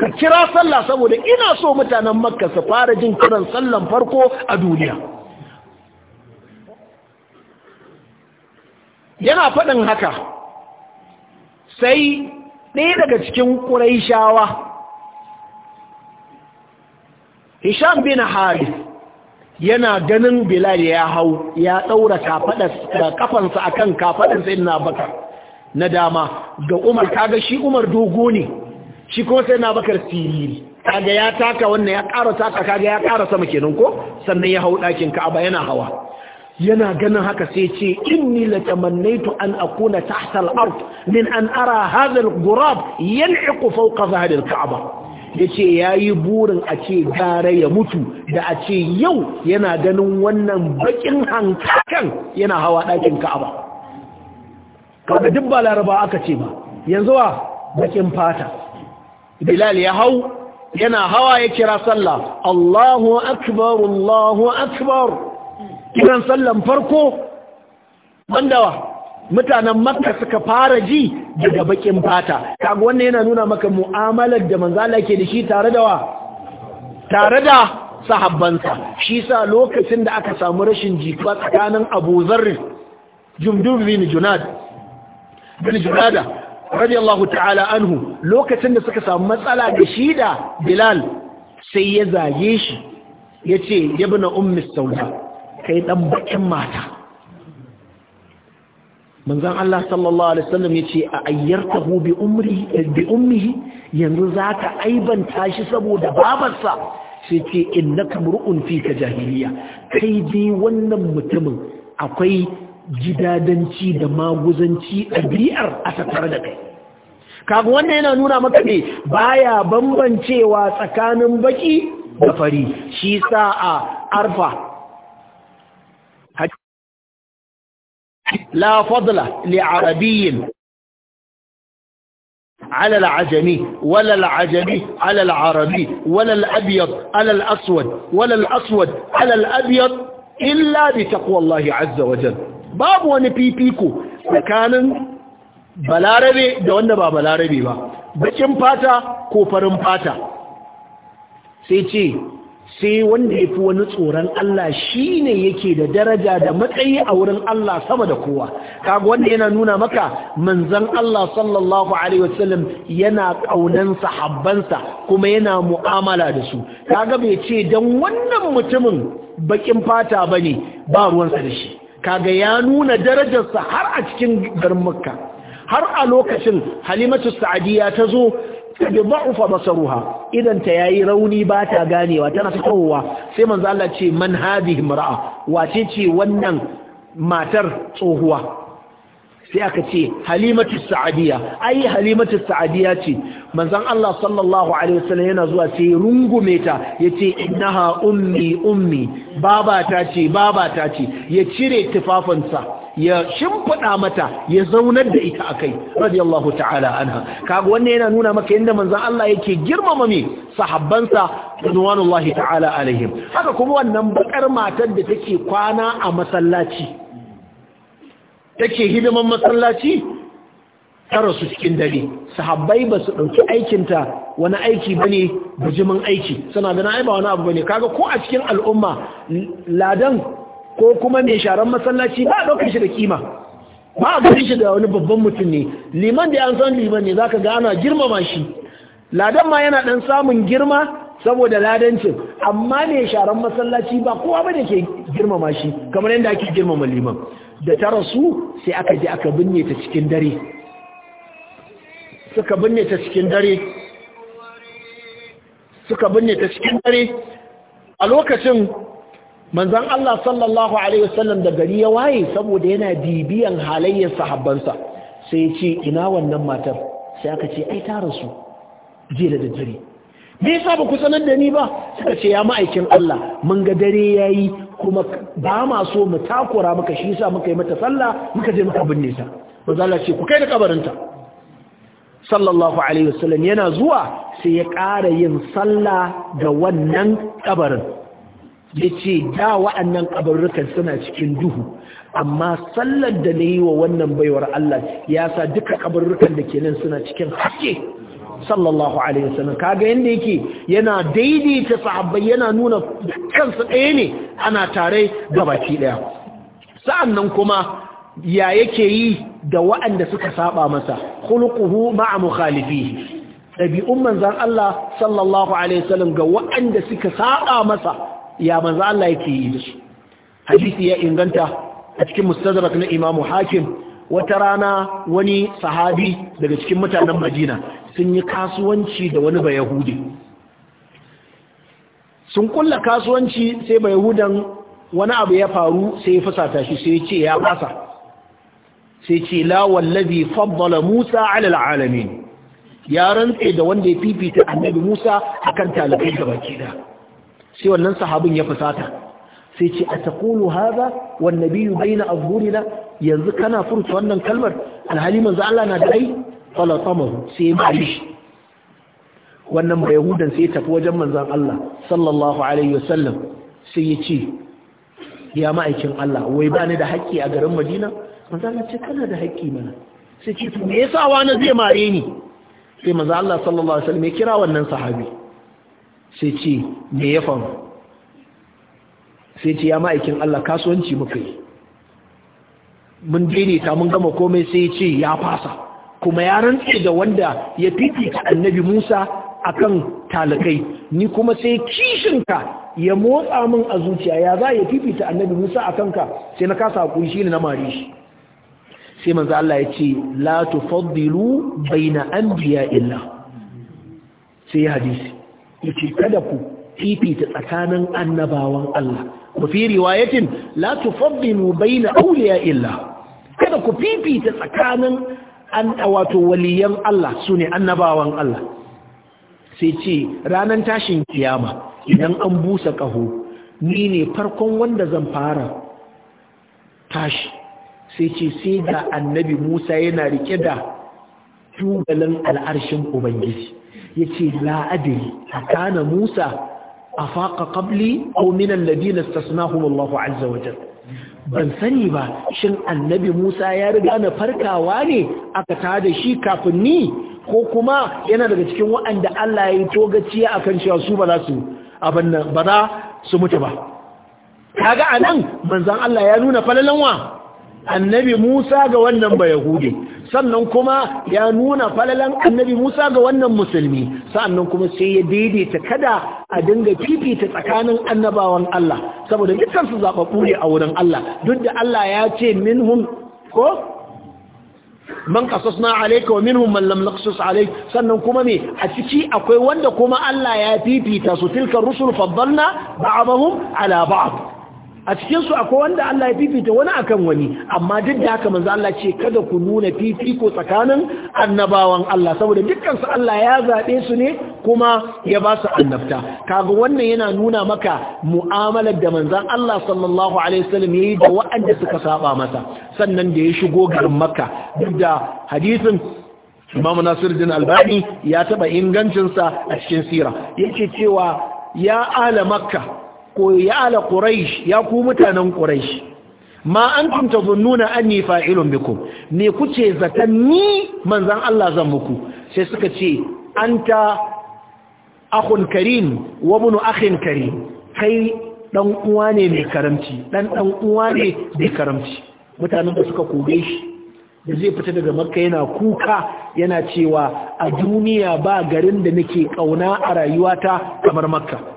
ka kira sallah saboda ina so mutanen makka su fara jin kiran sallan farko a duniya yana faɗin haka sai ɗaya daga cikin ƙuraishawa hisham bin haris yana ganin bilal ya hau ya ɗaura kafansa a kan kafaɗinsa ina bakar na dama ga umar kaga shi umar dogo ne shi kuma sai na bakar siriri kaga ya taka wannan ya ƙara taka kaga ya ƙara sama kenan ko sannan ya hau ɗakin ka'aba yana hawa yana ganin haka sai ce inni la tamannaitu an akuna tahta al-ard min an ara hadha al-ghurab yan'iqu fawqa dhahri al-ka'ba yace yayi burin a ce gare ya mutu da a ce yau yana ganin wannan bakin hankakan yana hawa dakin ka'aba kaga duk ba laraba aka ce ba yanzu wa bakin fata bilal ya hau yana hawa ya kira sallah Allahu akbar Allahu akbar kiran sallan farko wanda mutanen makka suka fara ji daga bakin fata kaga wannan yana nuna maka mu'amalar da manzo Allah ke da shi tare da wa tare da sahabbansa shi sa lokacin da aka samu rashin jituwa tsakanin Abu Zarr Jumdum bin Junad bin Junada radiyallahu ta'ala anhu lokacin da suka samu matsala da shi da Bilal sai ya zage shi yace yabna ummi sauda kai dan bakin mata manzon Allah sallallahu alaihi wasallam yace a ayyartahu bi umri bi ummihi yanzu zaka aibanta shi saboda babarsa sai ce innaka mur'un fika jahiliya kai dai wannan mutumin akwai gidadanci da maguzanci ɗabi'ar a tattare da kai kaga wannan yana nuna maka ne baya bambancewa tsakanin baki da fari shi sa a arfa لا فضل لعربي على العجمي ولا العجمي على العربي ولا الأبيض على الأسود ولا الأسود على الأبيض إلا بتقوى الله عز وجل باب وان بيبيكو مكان balarabe da wanda ba balarabe ba bakin fata ko farin fata sai ce sai wanda ya fi wani tsoron Allah shi ne yake da daraja da matsayi a wurin Allah sama da kowa kaga wanda yana nuna maka manzan Allah sallallahu alaihi wasallam yana kaunan sahabbansa kuma yana mu'amala da su kaga bai ce dan wannan mutumin bakin fata bane ba ruwansa da shi kaga ya nuna darajarsa har a cikin garin Makka har a lokacin Halimatu Sa'diya ta zo da ba'ufa basaruha idan ta yayi rauni ba ta ganewa tana tsohuwa sai manzo Allah ce man hadhihi mar'a wace ce wannan matar tsohuwa sai aka ce halimatu sa'adiyya ai halimatu sa'adiyya ce manzon Allah sallallahu alaihi wasallam yana zuwa sai rungume ta yace innaha ummi ummi baba ta ce baba ta ce ya cire tufafinsa ya shimfiɗa mata ya zaunar da ita akai radiyallahu ta'ala anha kaga wannan yana nuna maka yadda manzon Allah yake girmama me sahabbansa radiyallahu ta'ala alaihim haka kuma wannan bakar matar da take kwana a masallaci take hidiman masallaci ta rasu cikin dare sahabbai ba su ɗauki aikinta wani aiki bane bijimin aiki suna da ai wani abu ba ne kaga ko a cikin al'umma ladan ko kuma mai sharan masallaci ba a ɗaukar shi da kima ba a ganin shi da wani babban mutum ne liman da an san liman ne za ka ga ana girmama shi ladan ma yana ɗan samun girma saboda ladancin amma mai sharan masallaci ba kowa ba da ke girmama shi kamar yadda ake girmama liman da ta rasu sai aka je aka binne ta cikin dare suka binne ta cikin dare suka binne ta cikin dare a lokacin manzan Allah sallallahu alaihi wasallam da gari ya waye saboda yana bibiyan halayyar sahabbansa sai ya ce ina wannan matar sai aka ce ai ta rasu jiya da daddare me sa ba ku sanar da ni ba suka ce ya ma'aikin Allah mun ga dare yayi kuma ba ma so mu takura muka shi yasa muka yi mata sallah muka je muka binne ta manzo Allah ce ku kai da kabarinta sallallahu alaihi wasallam yana zuwa sai ya ƙara yin sallah ga wannan kabarin ya ce da wa'annan kabarrukan suna cikin duhu amma sallar da na yi wa wannan baiwar Allah ya sa duka kabarrukan da ke nan suna cikin haske sallallahu alaihi wasallam kaga yanda yake yana daidaita sahabbai yana nuna kansu ɗaya ne ana tare ga baki ɗaya sa'annan kuma ya yake yi da wa'anda suka saba masa khuluquhu ma'a mukhalifihi dabi'un manzon Allah sallallahu alaihi wasallam ga waɗanda suka saba masa ya manzo Allah yake yi da su hadisi ya inganta a cikin mustadrak na Imam Hakim wata rana wani sahabi daga cikin mutanen Madina sun yi kasuwanci da wani bayahudi sun kulla kasuwanci sai bayahudan wani abu ya faru sai ya fusata shi sai ce ya fasa sai ce la wallazi faddala Musa ala alamin ya rantse da wanda ya fifita annabi Musa akan talakai gabaki da sai wannan sahabin ya fusata sai ce a taqulu hadha wan nabiyyu baina azhurina yanzu kana furta wannan kalmar alhali manzo Allah na da rai fala tamahu sai ya shi wannan ba yahudan sai ya tafi wajen manzon Allah sallallahu alaihi wasallam sai ya ce ya ma'aikin Allah wai ba ni da haƙƙi a garin Madina manzo Allah ce kana da haƙƙi mana sai ce to me yasa wani zai mare ni sai manzo Allah sallallahu alaihi wasallam ya kira wannan sahabi sai ce me ya faru sai ce ya ma'aikin Allah kasuwanci muka yi mun daidaita mun gama komai sai ce ya fasa kuma ya rantse da wanda ya fifita annabi Musa akan talakai ni kuma sai kishinka ya motsa min a zuciya ya za ya fifita annabi Musa akan ka sai na kasa hakuri shi ne na mare shi sai manzo Allah ya ce la tufaddilu baina anbiya illa sai hadisi ce kada ku fifita tsakanin annabawan Allah ku fi riwayatin la tufaddilu baina awliya illa kada ku fifita tsakanin an wato waliyan Allah sune annabawan Allah sai ce ranan tashin kiyama idan an busa kaho ni ne farkon wanda zan fara tashi sai ce sai ga annabi Musa yana rike da tubalin al'arshin Ubangiji ce la a kana Musa a faƙa aw min alladhina istasnahum Allah azza ban sani ba shin annabi Musa ya riga na farkawa ne aka da shi kafin ni ko kuma yana daga cikin wa'anda Allah ya yi togaciya akan cewa su ba za su ba za su mutu ba kaga anan manzon Allah ya nuna falalan wa annabi Musa ga wannan ba Yahudi sannan kuma ya nuna falalan annabi Musa ga wannan musulmi sannan kuma sai ya daidaita kada a dinga fifita tsakanin annabawan Allah saboda dukkan su zababbu a wurin Allah duk da Allah ya ce minhum ko man qasasna alayka wa minhum man lam naqsus alayk sannan kuma me a ciki akwai wanda kuma Allah ya fifita su tilka rusul faddalna ba'dahum ala ba'd a cikinsu akwai wanda Allah ya fifita wani akan wani amma duk da haka manzo Allah ce kada ku nuna fifiko tsakanin annabawan Allah saboda dukkansu Allah ya zabe su ne kuma ya ba su annabta kaga wannan yana nuna maka mu'amalar da manzon Allah sallallahu alaihi wasallam yayi da waɗanda suka saba masa sannan da ya shigo garin Makka duk da hadisin Imam Nasiruddin Albani ya taba sa a cikin sira yake cewa ya ala Makka ko ya ala quraish ya ku mutanen quraish ma an antum tazunnuna anni fa'ilun bikum me kuce zaton ni manzan Allah zan muku sai suka ce anta akhun karim wa bunu akhin karim kai dan uwa ne mai karamci dan dan uwa ne mai karamci mutanen da suka koge shi da zai fita daga makka yana kuka yana cewa a duniya ba garin da nake ƙauna a rayuwata kamar makka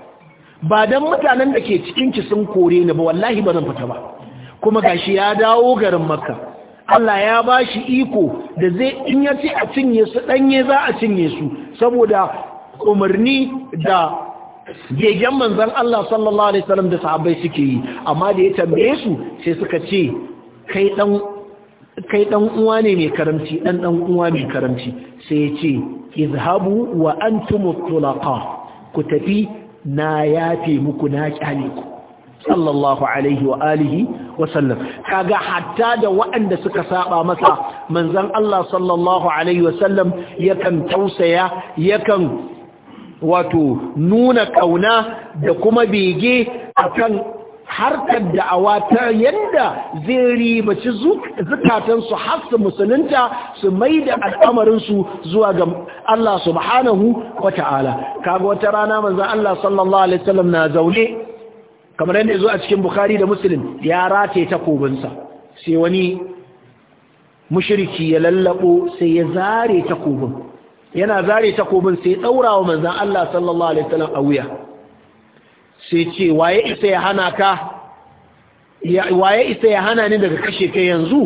ba don mutanen da ke cikin ki sun kore ni ba wallahi ba zan fita ba kuma gashi ya dawo garin makka Allah ya ba shi iko da zai in ya ci a cinye su danye za a cinye su saboda umarni da gegen manzon Allah sallallahu alaihi wasallam da sahabbai suke yi amma da ya tambaye su sai suka ce kai dan kai dan uwa ne mai karamci dan dan uwa mai karamci sai ya ce izhabu wa antum tulaqa ku tafi na yafe muku na kyale ku sallallahu alaihi wa alihi wa sallam kaga hatta da waɗanda suka saba masa manzon Allah sallallahu alaihi wa sallam yakan tausaya yakan wato nuna kauna da kuma bege akan harkar da'awa ta yadda zai ribaci zukatansu har su musulunta su mai da al'amarinsu zuwa ga Allah subhanahu wa ta'ala kaga wata rana manzo Allah sallallahu alaihi wasallam na zaune kamar yadda zo a cikin Bukhari da Muslim ya rataye takobinsa sai wani mushriki ya lallabo sai ya zare takobin yana zare takobin sai ya daura wa manzan Allah sallallahu alaihi wasallam a wuya sai ce waye isa ya hana ka waye isa ya hana ni daga kashe kai yanzu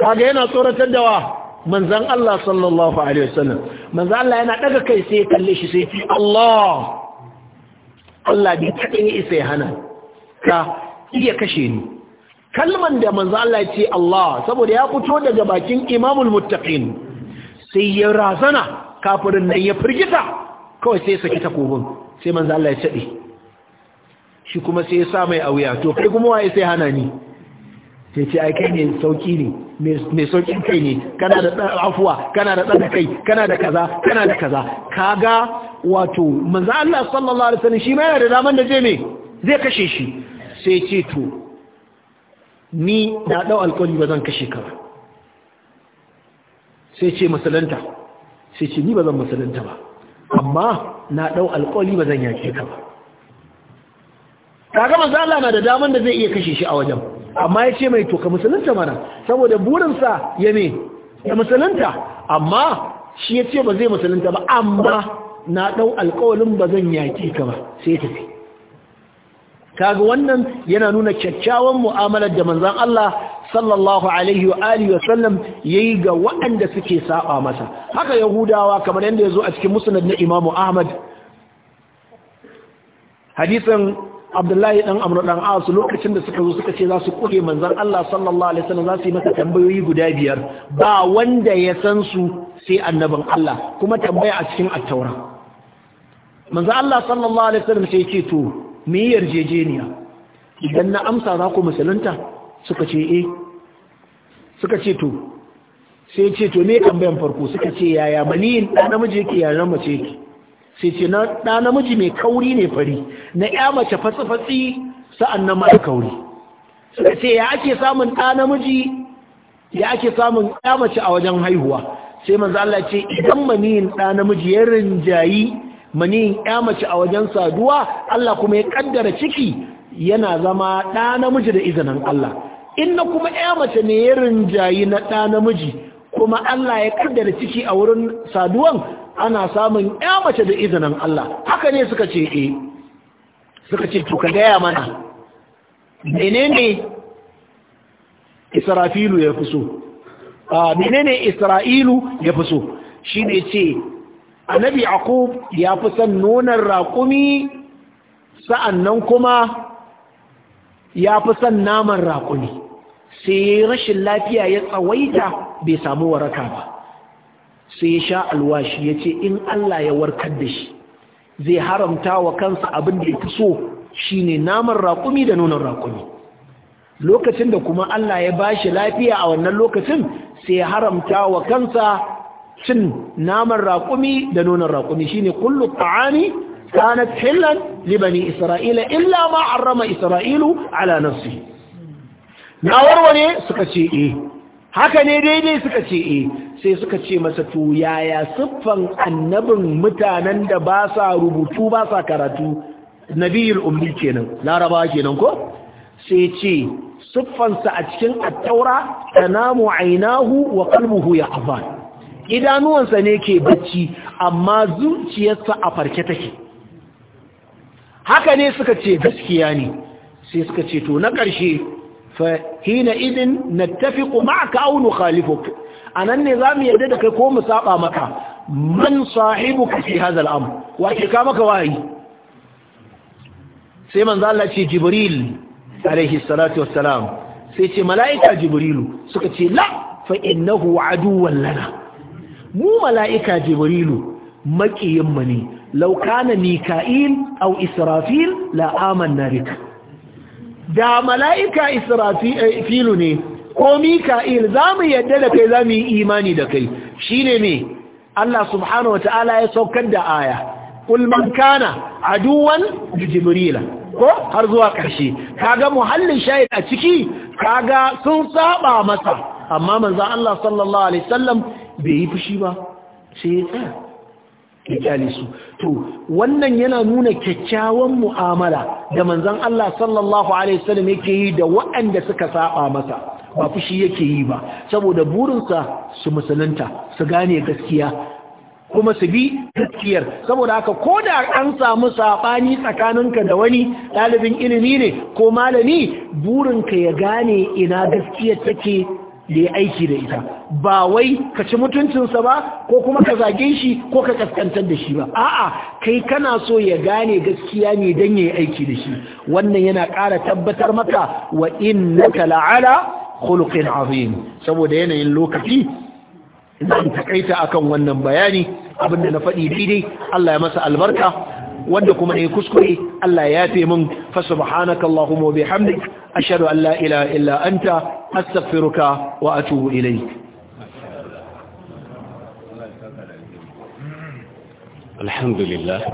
kaga yana tsoratar da wa manzan Allah sallallahu alaihi wasallam manzan Allah yana daga kai sai ya kalle shi sai ce Allah Allah bai kadin isa ya hana ka iya kashe ni kalman da manzan Allah ya ce Allah saboda ya fito daga bakin imamul muttaqin sai ya razana kafirin nan ya firgita kawai sai ya saki takobin sai manzan Allah ya ce shi kuma sai ya sa mai a wuya to kai kuma waye sai hana ni sai ce ai kai ne sauki ne mai saukin kai ne kana da afuwa kana da tsada kai kana da kaza kana da kaza kaga wato manzo Allah sallallahu alaihi wasallam shi ma yana da daman da je ne zai kashe shi sai ce to ni na dau alƙawari ba zan kashe ka ba sai ce masalanta sai ce ni ba zan masalanta ba amma na dau alƙawari ba zan yake ka ba kaga manzo Allah na da daman da zai iya kashe shi a wajen amma ya ce mai to ka musulunta mana saboda burinsa ya ne ya musulunta amma shi ya ce ba zai musulunta ba amma na ɗau alkawalin ba zan yaƙi ka ba sai tafi kaga wannan yana nuna kyakkyawan mu'amalar da manzon Allah sallallahu alaihi wa alihi wa sallam yayi ga waɗanda suke saba masa haka yahudawa kamar yanda yazo a cikin musnad na Imam Ahmad hadisin abdullahi dan amru dan as lokacin da suka zo suka ce za su kure manzon Allah sallallahu alaihi wasallam za su yi masa tambayoyi guda biyar ba wanda ya san su sai annabin Allah kuma tambaya a cikin at-taura manzon Allah sallallahu alaihi wasallam sai ce to me yarjejeniya idan na amsa za ku musulunta suka ce eh suka ce to sai ce to me tambayan farko suka ce yaya maniyin da namiji yake yaran mace yake sai ce na ɗa namiji mai kauri ne fari na ya mace fatsi-fatsi sa'an na mara kauri sai ce ya ake samun ɗa namiji ya ake samun ya mace a wajen haihuwa sai manzo Allah ce idan maniyin ɗa namiji ya rinjayi maniyin ya mace a wajen saduwa Allah kuma ya kaddara ciki yana zama ɗa namiji da izinin Allah inna kuma ya mace ne ya rinjayi na ɗa namiji kuma Allah ya kaddara ciki a wurin saduwan ana samun ya mace da izinin Allah haka ne suka ce e, suka ce to ka gaya mana menene israfilu ya fi so ah, menene isra'ilu ya fi so shi ne ce annabi aqub ya fi son nonon raƙumi sa'annan kuma ya fi son naman raƙumi sai rashin lafiya ya tsawaita bai samu waraka ba sai ya sha alwashi ya ce in Allah ya warkar da shi zai haramta wa kansa abin da ya fi so shi ne naman raƙumi da nunan raƙumi lokacin da kuma Allah ya ba shi lafiya a wannan lokacin sai ya haramta wa kansa cin naman raƙumi da nunan raƙumi shi ne kullu ta'ani kanat hillan libani isra'ila illa ma harrama isra'ilu ala nafsi na warware suka ce eh haka ne daidai suka ce e sai suka ce masa to yaya siffan annabin mutanen da ba sa rubutu ba sa karatu nabiyul ummi kenan laraba kenan ko sai ce siffansa a cikin attaura tanamu aynahu wa qalbuhu yaqfan idanuwansa ne ke bacci amma zuciyarsa a farke take haka ne suka ce gaskiya ne sai suka ce to na ƙarshe فحينئذ نتفق معك أو نخالفك أنا النظام يددك يكون مساقا مكا من صاحبك في هذا الأمر وإحكامك واهي سيما ذا الله جبريل عليه الصلاة والسلام سيتي ملائكة جبريل سكتي لا فإنه عدو لنا مو ملائكة جبريل مكي يمني لو كان ميكائيل أو إسرافيل لا آمنا بك da mala'ika israfilu ne ko mika'il za mu yadda da kai za mu yi imani da kai shi ne me Allah subhanahu wa ta'ala ya saukar da aya ulmankana kana aduwan jibrila ko har zuwa ƙarshe kaga muhallin shahid a ciki kaga sun saba masa amma manzan Allah sallallahu alaihi sallam bai yi fushi ba sai ya tsaya ya kyale su to wannan yana nuna kyakkyawan mu'amala da manzon Allah sallallahu alaihi wasallam yake yi da waɗanda suka saba masa ba fushi yake yi ba saboda burinsa su musulunta su gane gaskiya kuma su bi gaskiyar saboda haka ko da an samu sabani tsakaninka da wani ɗalibin ilimi ne ko malami burinka ya gane ina gaskiyar take yi aiki da ita ba wai ka ci mutuncinsa ba ko kuma ka zage shi ko ka kaskantar da shi ba a'a kai kana so ya gane gaskiya ne dan yayi aiki da shi wannan yana ƙara tabbatar maka wa innaka la'ala khuluqin azim saboda yanayin lokaci zan takaita akan wannan bayani abinda na faɗi daidai Allah ya masa albarka wanda kuma ne kuskure Allah ya yafe min fa subhanakallahumma wa bihamdika أشهد أن لا إله إلا أنت أستغفرك وأتوب إليك الحمد لله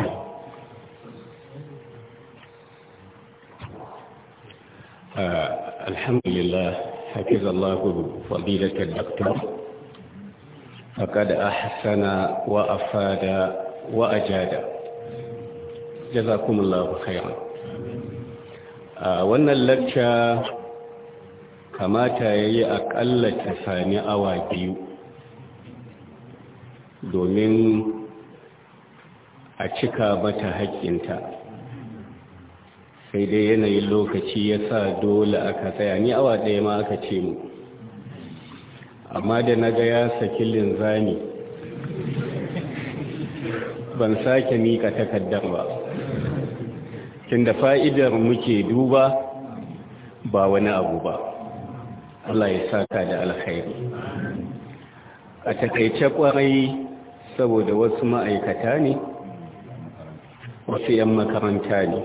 آه، الحمد لله حفظ الله فضيلة الدكتور فقد أحسن وأفاد وأجاد جزاكم الله خيرا a wannan lakca, kamata ya yi akalla ta sami awa biyu domin a cika mata haƙƙinta sai dai yanayin lokaci ya sa dole aka tsaya ni awa ɗaya ma aka ce mu amma da na ga ya saki linzami ban sake miƙa takaddar ba tunda fa'idar muke duba ba wani abu ba Allah ya saka da alkhairi a takaice kwarai saboda wasu ma'aikata ne wasu 'yan makaranta ne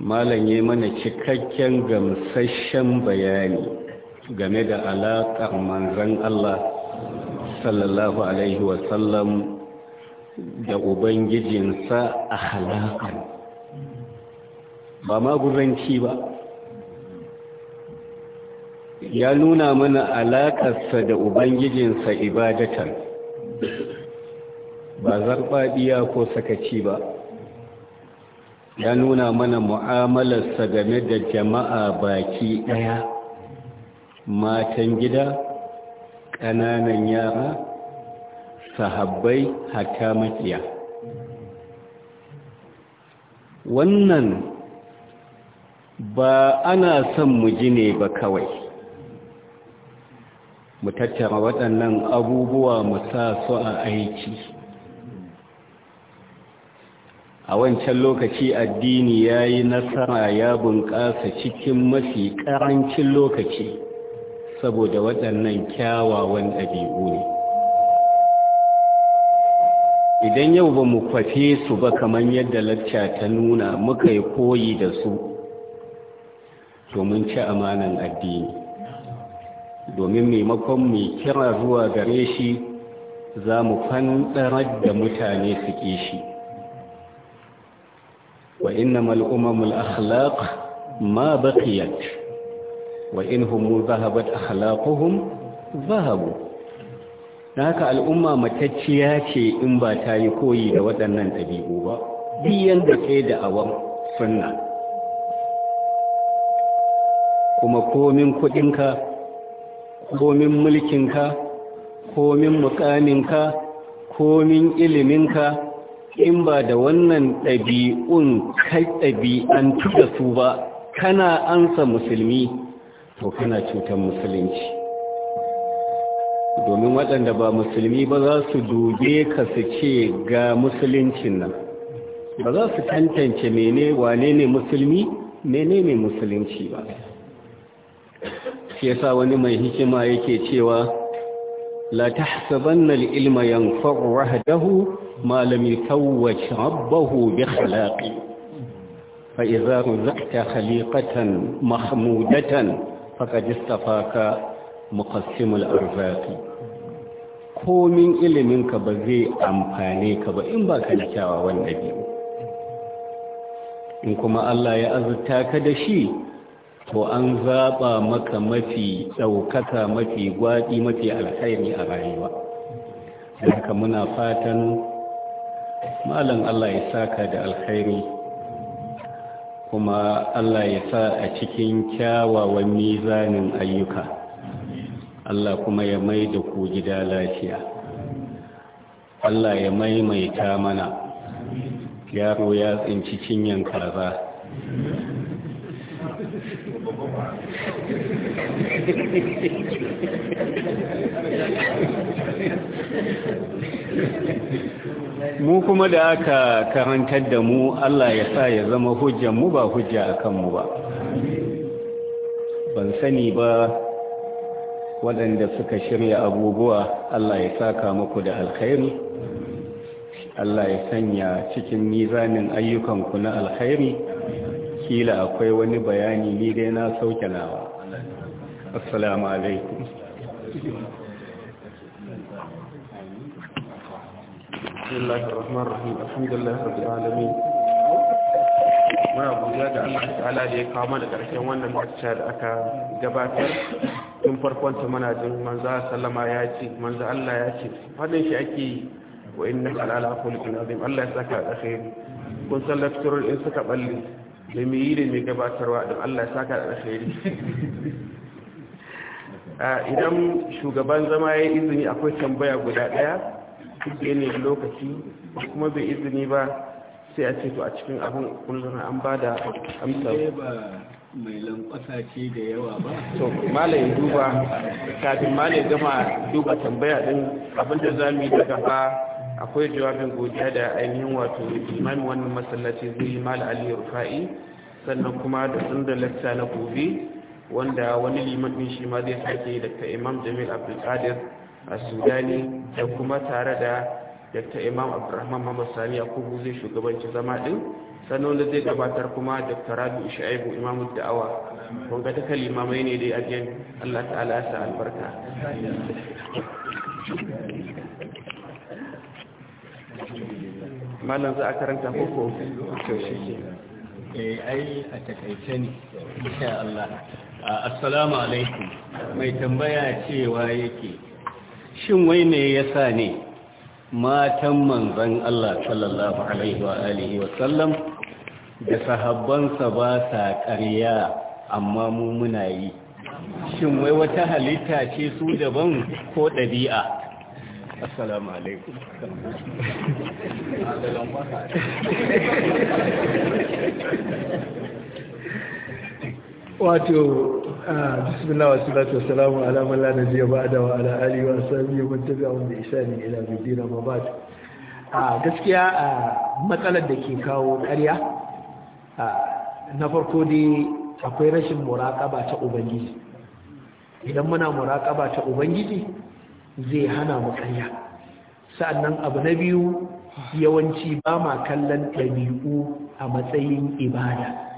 malam ya mana cikakken gamsashen bayani game da alaƙar manzan Allah sallallahu Alaihi wasallam da ubangijinsa a halakar ba maguzanci ba ya nuna mana alakarsa da ubangijinsa ibadatar. ba zarfaɗiya ko sakaci ba ya nuna mana mu'amalarsa game da jama'a baki ɗaya matan gida ƙananan yara sahabbai hatta makiya wannan ba ana son mu ji ne ba kawai mu tattara waɗannan abubuwa mu sa su a aiki a wancan lokaci addini ya yi nasara ya bunƙasa cikin mafi ƙarancin lokaci saboda waɗannan kyawawan ɗabi'u ne idan yau ba mu kwafe su ba kamar yadda lacca ta nuna muka yi koyi da su domin ci amanan addini domin maimakon mai kira zuwa gare shi za mu fanɗarar da mutane su ƙi shi wa inna mal'umamul akhlaq ma baqiyat wa in hum zahabat akhlaquhum zahabu da haka al'umma matacciya ce in ba ta yi koyi da waɗannan ɗabi'u ba biyan da ke da awon sunna kuma komin kuɗinka komin mulkinka komin mukaminka komin iliminka in ba da wannan ɗabi'un kai ɗabi'antu da su ba kana ansa musulmi to kana cutar musulunci domin waɗanda ba musulmi ba za su dube ka su ce ga musuluncin nan ba za su tantance mene wane ne musulmi mene ne musulunci ba shi yasa wani mai hikima yake cewa la tahsabanna al-ilma yanfa'u wahdahu ma lam yutawwaj rabbahu bi khalaqi fa idza ruzqta khaliqatan mahmudatan faqad istafaka muqassimul arzaqi komin iliminka ba zai amfane ka ba in ba ka da kyawawan ɗabi'u in kuma Allah ya azurta ka da shi to an zaɓa maka mafi ɗaukaka mafi gwaɗi mafi alkhairi a rayuwa haka muna fatan malam Allah ya saka da alkhairi kuma Allah ya sa a cikin kyawawan mizanin ayyuka Allah kuma ya mai da ku gida lafiya Allah ya maimaita mana yaro ya tsinci cinyan kaza mu kuma da aka karantar da mu Allah ya sa ya zama hujjan mu ba hujja akan mu ba ban sani ba waɗanda suka shirya abubuwa Allah ya saka muku da alkhairi Allah ya sanya cikin mizanin ayyukanku na alkhairi kila akwai wani bayani ni dai na sauke nawa assalamu alaikum بسم الله الرحمن الرحيم الحمد لله رب العالمين muna godiya ga Allah ta'ala da ya kawo mana ƙarshen wannan barca da aka gabatar tun farkon ta muna jin manzo sallama ya ce manzo Allah ya ce wannan shi ake yi wa inna alala khuluqin azim Allah ya saka da khairi kun san lecturer in suka balle da me yi da me gabatarwa don Allah ya saka da khairi idan shugaban zama ya izini akwai tambaya guda daya duk ne lokaci kuma bai izini ba sai a ce to a cikin abin kullum an ba da amsar mai lankwasa ce da yawa ba to malayin duba kafin malayin gama duba tambaya din abin da za mu yi daga ba akwai jawabin godiya da ainihin wato imamin wannan masallaci zai mala ali rufa'i sannan kuma da da lakta na gobe wanda wani liman din shi ma zai sake da imam jamil abdulkadir a sudani da kuma tare da dakta imam abdurrahman muhammad sani Akubu zai shugabanci zama din sannan wanda zai gabatar kuma dakta rabi shaibu imam da'awa kun ga duka limamai ne dai ajiyar allah ta'ala sa albarka malam za a karanta koko to shi ke eh, ai a takaice ne insha Allah assalamu alaikum mai tambaya cewa yake shin wai me yasa ne matan manzan Allah sallallahu alaihi wa alihi wa sallam da sahabbansa ba sa ƙarya amma mu muna yi shin wai wata halitta ce su daban ko ɗabi'a assalamu alaikum wato بسم الله والصلاة والسلام على من لا نبي بعده وعلى آله وأصحابه ومن تبعهم بإحسان إلى الدين وما بعد gaskiya matsalar da ke kawo ƙarya na farko dai akwai rashin muraƙaba ta ubangiji idan muna muraƙaba ta ubangiji zai hana mu ƙarya sa'annan abu na biyu yawanci ba ma kallon ɗabi'u a matsayin ibada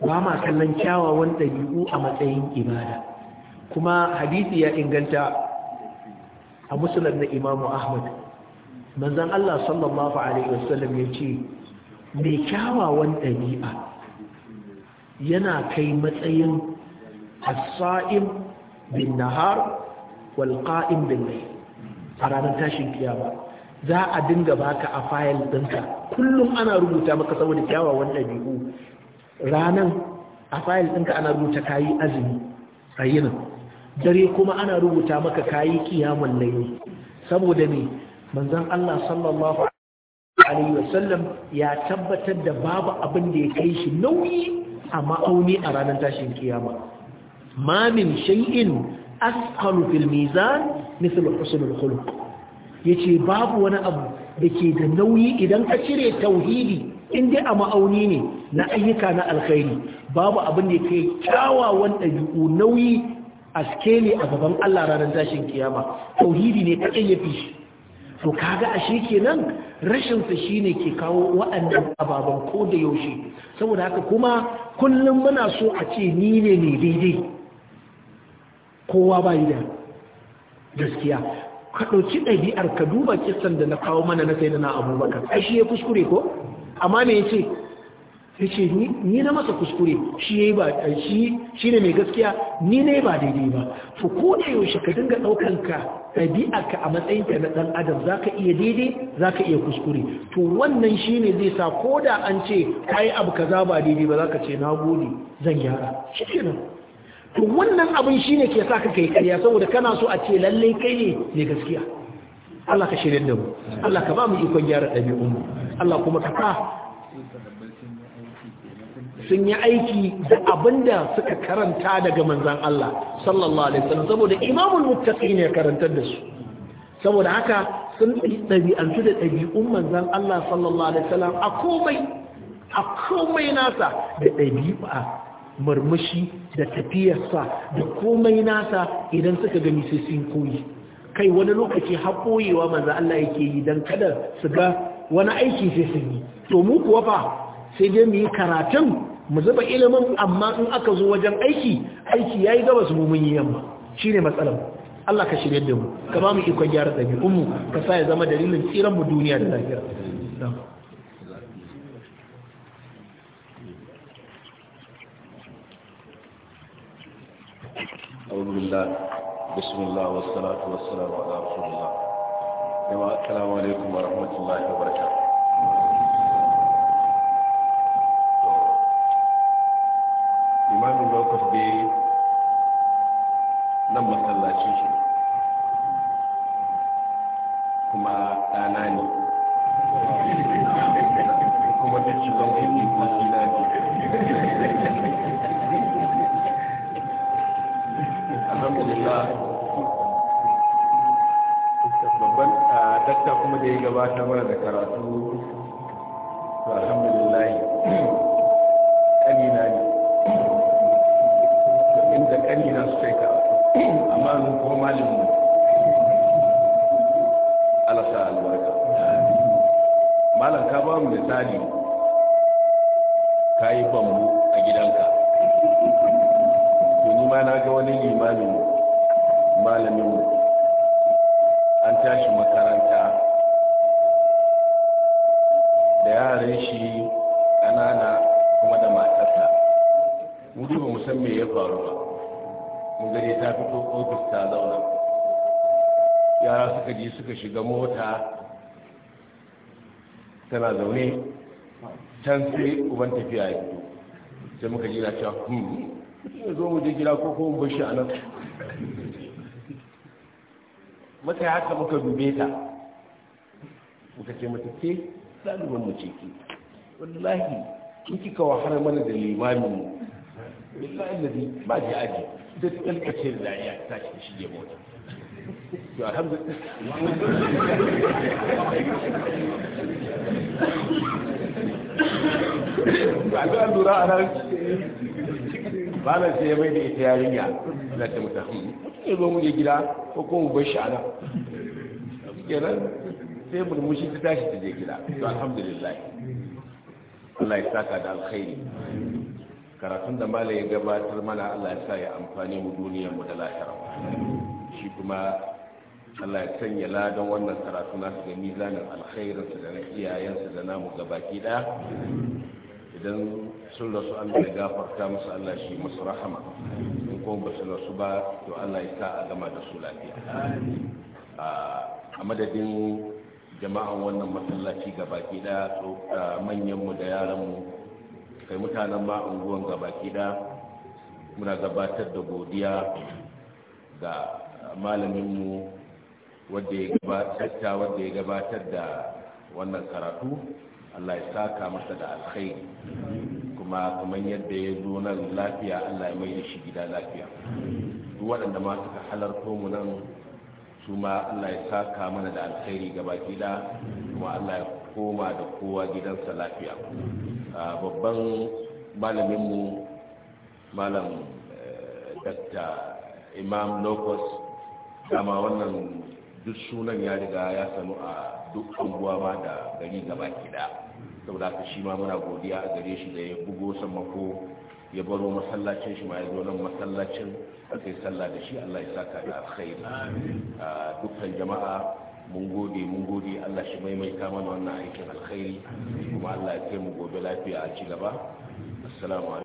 ba ma kallon kyawawan ɗabi'u a matsayin ibada kuma hadisi ya inganta a musulun na imamu ahmad manzan allah sallallahu alaihi wasallam ya ce mai kyawawan ɗabi'a yana kai matsayin asa'im bin nahar walƙa'im bin mai a ranar tashin kiyama za a dinga baka a fayil ɗinka kullum ana rubuta maka saboda kyawawan ɗabi'u ranan a fayil ɗinka ana rubuta kayi azumi a yinin dare kuma ana rubuta maka kayi kiyamun laili saboda ne manzon Allah sallallahu alaihi wasallam ya tabbatar da babu abin da ya kai shi nauyi a ma'auni a ranar tashin kiyama mamin min shay'in asqalu fil mizan misal husnul khuluq yace babu wani abu da ke da nauyi idan ka cire tauhidi in dai a ma'auni ne na ayyuka na alkhairi babu abin da kai kyawawan ɗabi'u nauyi a skele a gaban Allah ranar tashin kiyama tauhidi ne kaɗai ya fi shi to kaga ashe kenan rashin sa shine ke kawo waɗannan ababen ko da yaushe saboda haka kuma kullum muna so a ce ni ne ne daidai kowa ba yi da gaskiya ka ɗauki ɗabi'ar ka duba kisan da na kawo mana na sai na abubakar ashe ya kuskure ko amma me yace yace ni na masa kuskure shi yayi ba shi shine mai gaskiya ni ne ba daidai ba to ko da yaushe ka dinga daukan ka dabi'arka a matsayin ka na dan adam zaka iya daidai zaka iya kuskure to wannan shine zai sa koda an ce kai abu kaza ba daidai ba zaka ce nagode zan gyara shikenan to wannan abin shine ke sa ka kai kariya saboda kana so a ce lallai kai ne mai gaskiya Allah ka shirye da mu Allah ka ba mu ikon gyara ɗabi'un mu Allah kuma ka ka sun yi aiki da abinda suka karanta daga manzan Allah sallallahu alaihi wasallam saboda imamul muttaqin ya karantar da su saboda haka sun ɗabi'antu da ɗabi'un manzan Allah sallallahu Alaihi wasallam a komai a komai nasa da ɗabi'a murmushi da tafiyarsa da komai nasa idan suka gani sai koyi kai wani lokaci haƙoyewa maza Allah yake yi don kada su ga wani aiki sai su yi to mu kuwa fa sai dai mu yi karatun mu zuba ilimin amma in aka zo wajen aiki aiki ya yi gaba su mummun yi yamma ne matsalar Allah ka shirye da mu ka ba mu ikon gyara ɗabi'un mu ka sa ya zama dalilin tsiran mu duniya da lafiya أعوذ بسم الله والصلاة والسلام على رسول الله جماعة السلام عليكم ورحمة الله وبركاته imamin lokacin bai nan masallacin shi kuma ɗana ne kuma duk cikin wani kogi na ne alhamdulillah lakta kuma da ya gabata mana da karatu to alhamdulillah kanina ne inda kanina su kai karatu amma mun kuma malin mu alasa albarka malam ka ba mu misali ka yi bambu a gidanka to ni ma na ga wani limamin malamin mu tashi makaranta da yaran shi ƙanana kuma da matarsa mutu ba san me ya faru ba mun gani ta fito ofis ta zauna yara suka ji suka shiga mota tana zaune can sai uban tafiya ya fito sai muka jira cewa hmm zo mu je gida ko kuma bashi a nan muka yi haka muka dube ta muka ce mata ce ɗaliban mu ce ki wallahi in kika wahala mana da limamin mu billahi lazi ba ki aji da ta kalkace da dariya ta ci shige mota to alhamdulillah ba ga lura a nan malam sai ya mai da ita yarinya na ta mata ya zo mu je gida ko kuma mu bar shi ana kenan sai murmushi ta tashi ta je gida to alhamdulillah Allah ya saka da alkhairi karatun da malam ya gabatar mana Allah ya sa ya amfani mu duniyar mu da lahira shi kuma Allah ya sanya ladan wannan karatu su da mizanin alkhairinsu da na iyayensu da namu gabaki ɗaya idan sun su allah ya gafarta musu allah shi musu rahama in ko ba su su ba to allah ya sa gama da su lafiya a madadin jama'an wannan masallaci baki da manyanmu da yaran mu, kai mutanen ma unguwan gabaki da muna gabatar da godiya ga malaminmu wadda ya gabatar wadda ya gabatar da wannan karatu Allah ya saka masa da alkhairi ma kamar yadda ya zo nan lafiya allah ya mai da shi gida lafiya waɗanda ma suka halarto mu nan su ma allah ya saka mana da alkhairi gaba gida kuma allah ya koma da kowa gidansa lafiya babban malaminmu malam eh, dr imam locust dama wannan duk sunan ya riga ya sanu a duk unguwa ma da gari gaba gida saboda ka shi ma muna godiya a gare shi da ya bugo samako ya baro masallacin shi ma ya zo nan masallacin aka yi sallah da shi Allah ya saka da alkhairi ah, dukkan jama'a mun gode mun gode Allah shi maimaita mana wannan aikin alkhairi kuma Allah ya kai mu gobe lafiya a ci gaba assalamu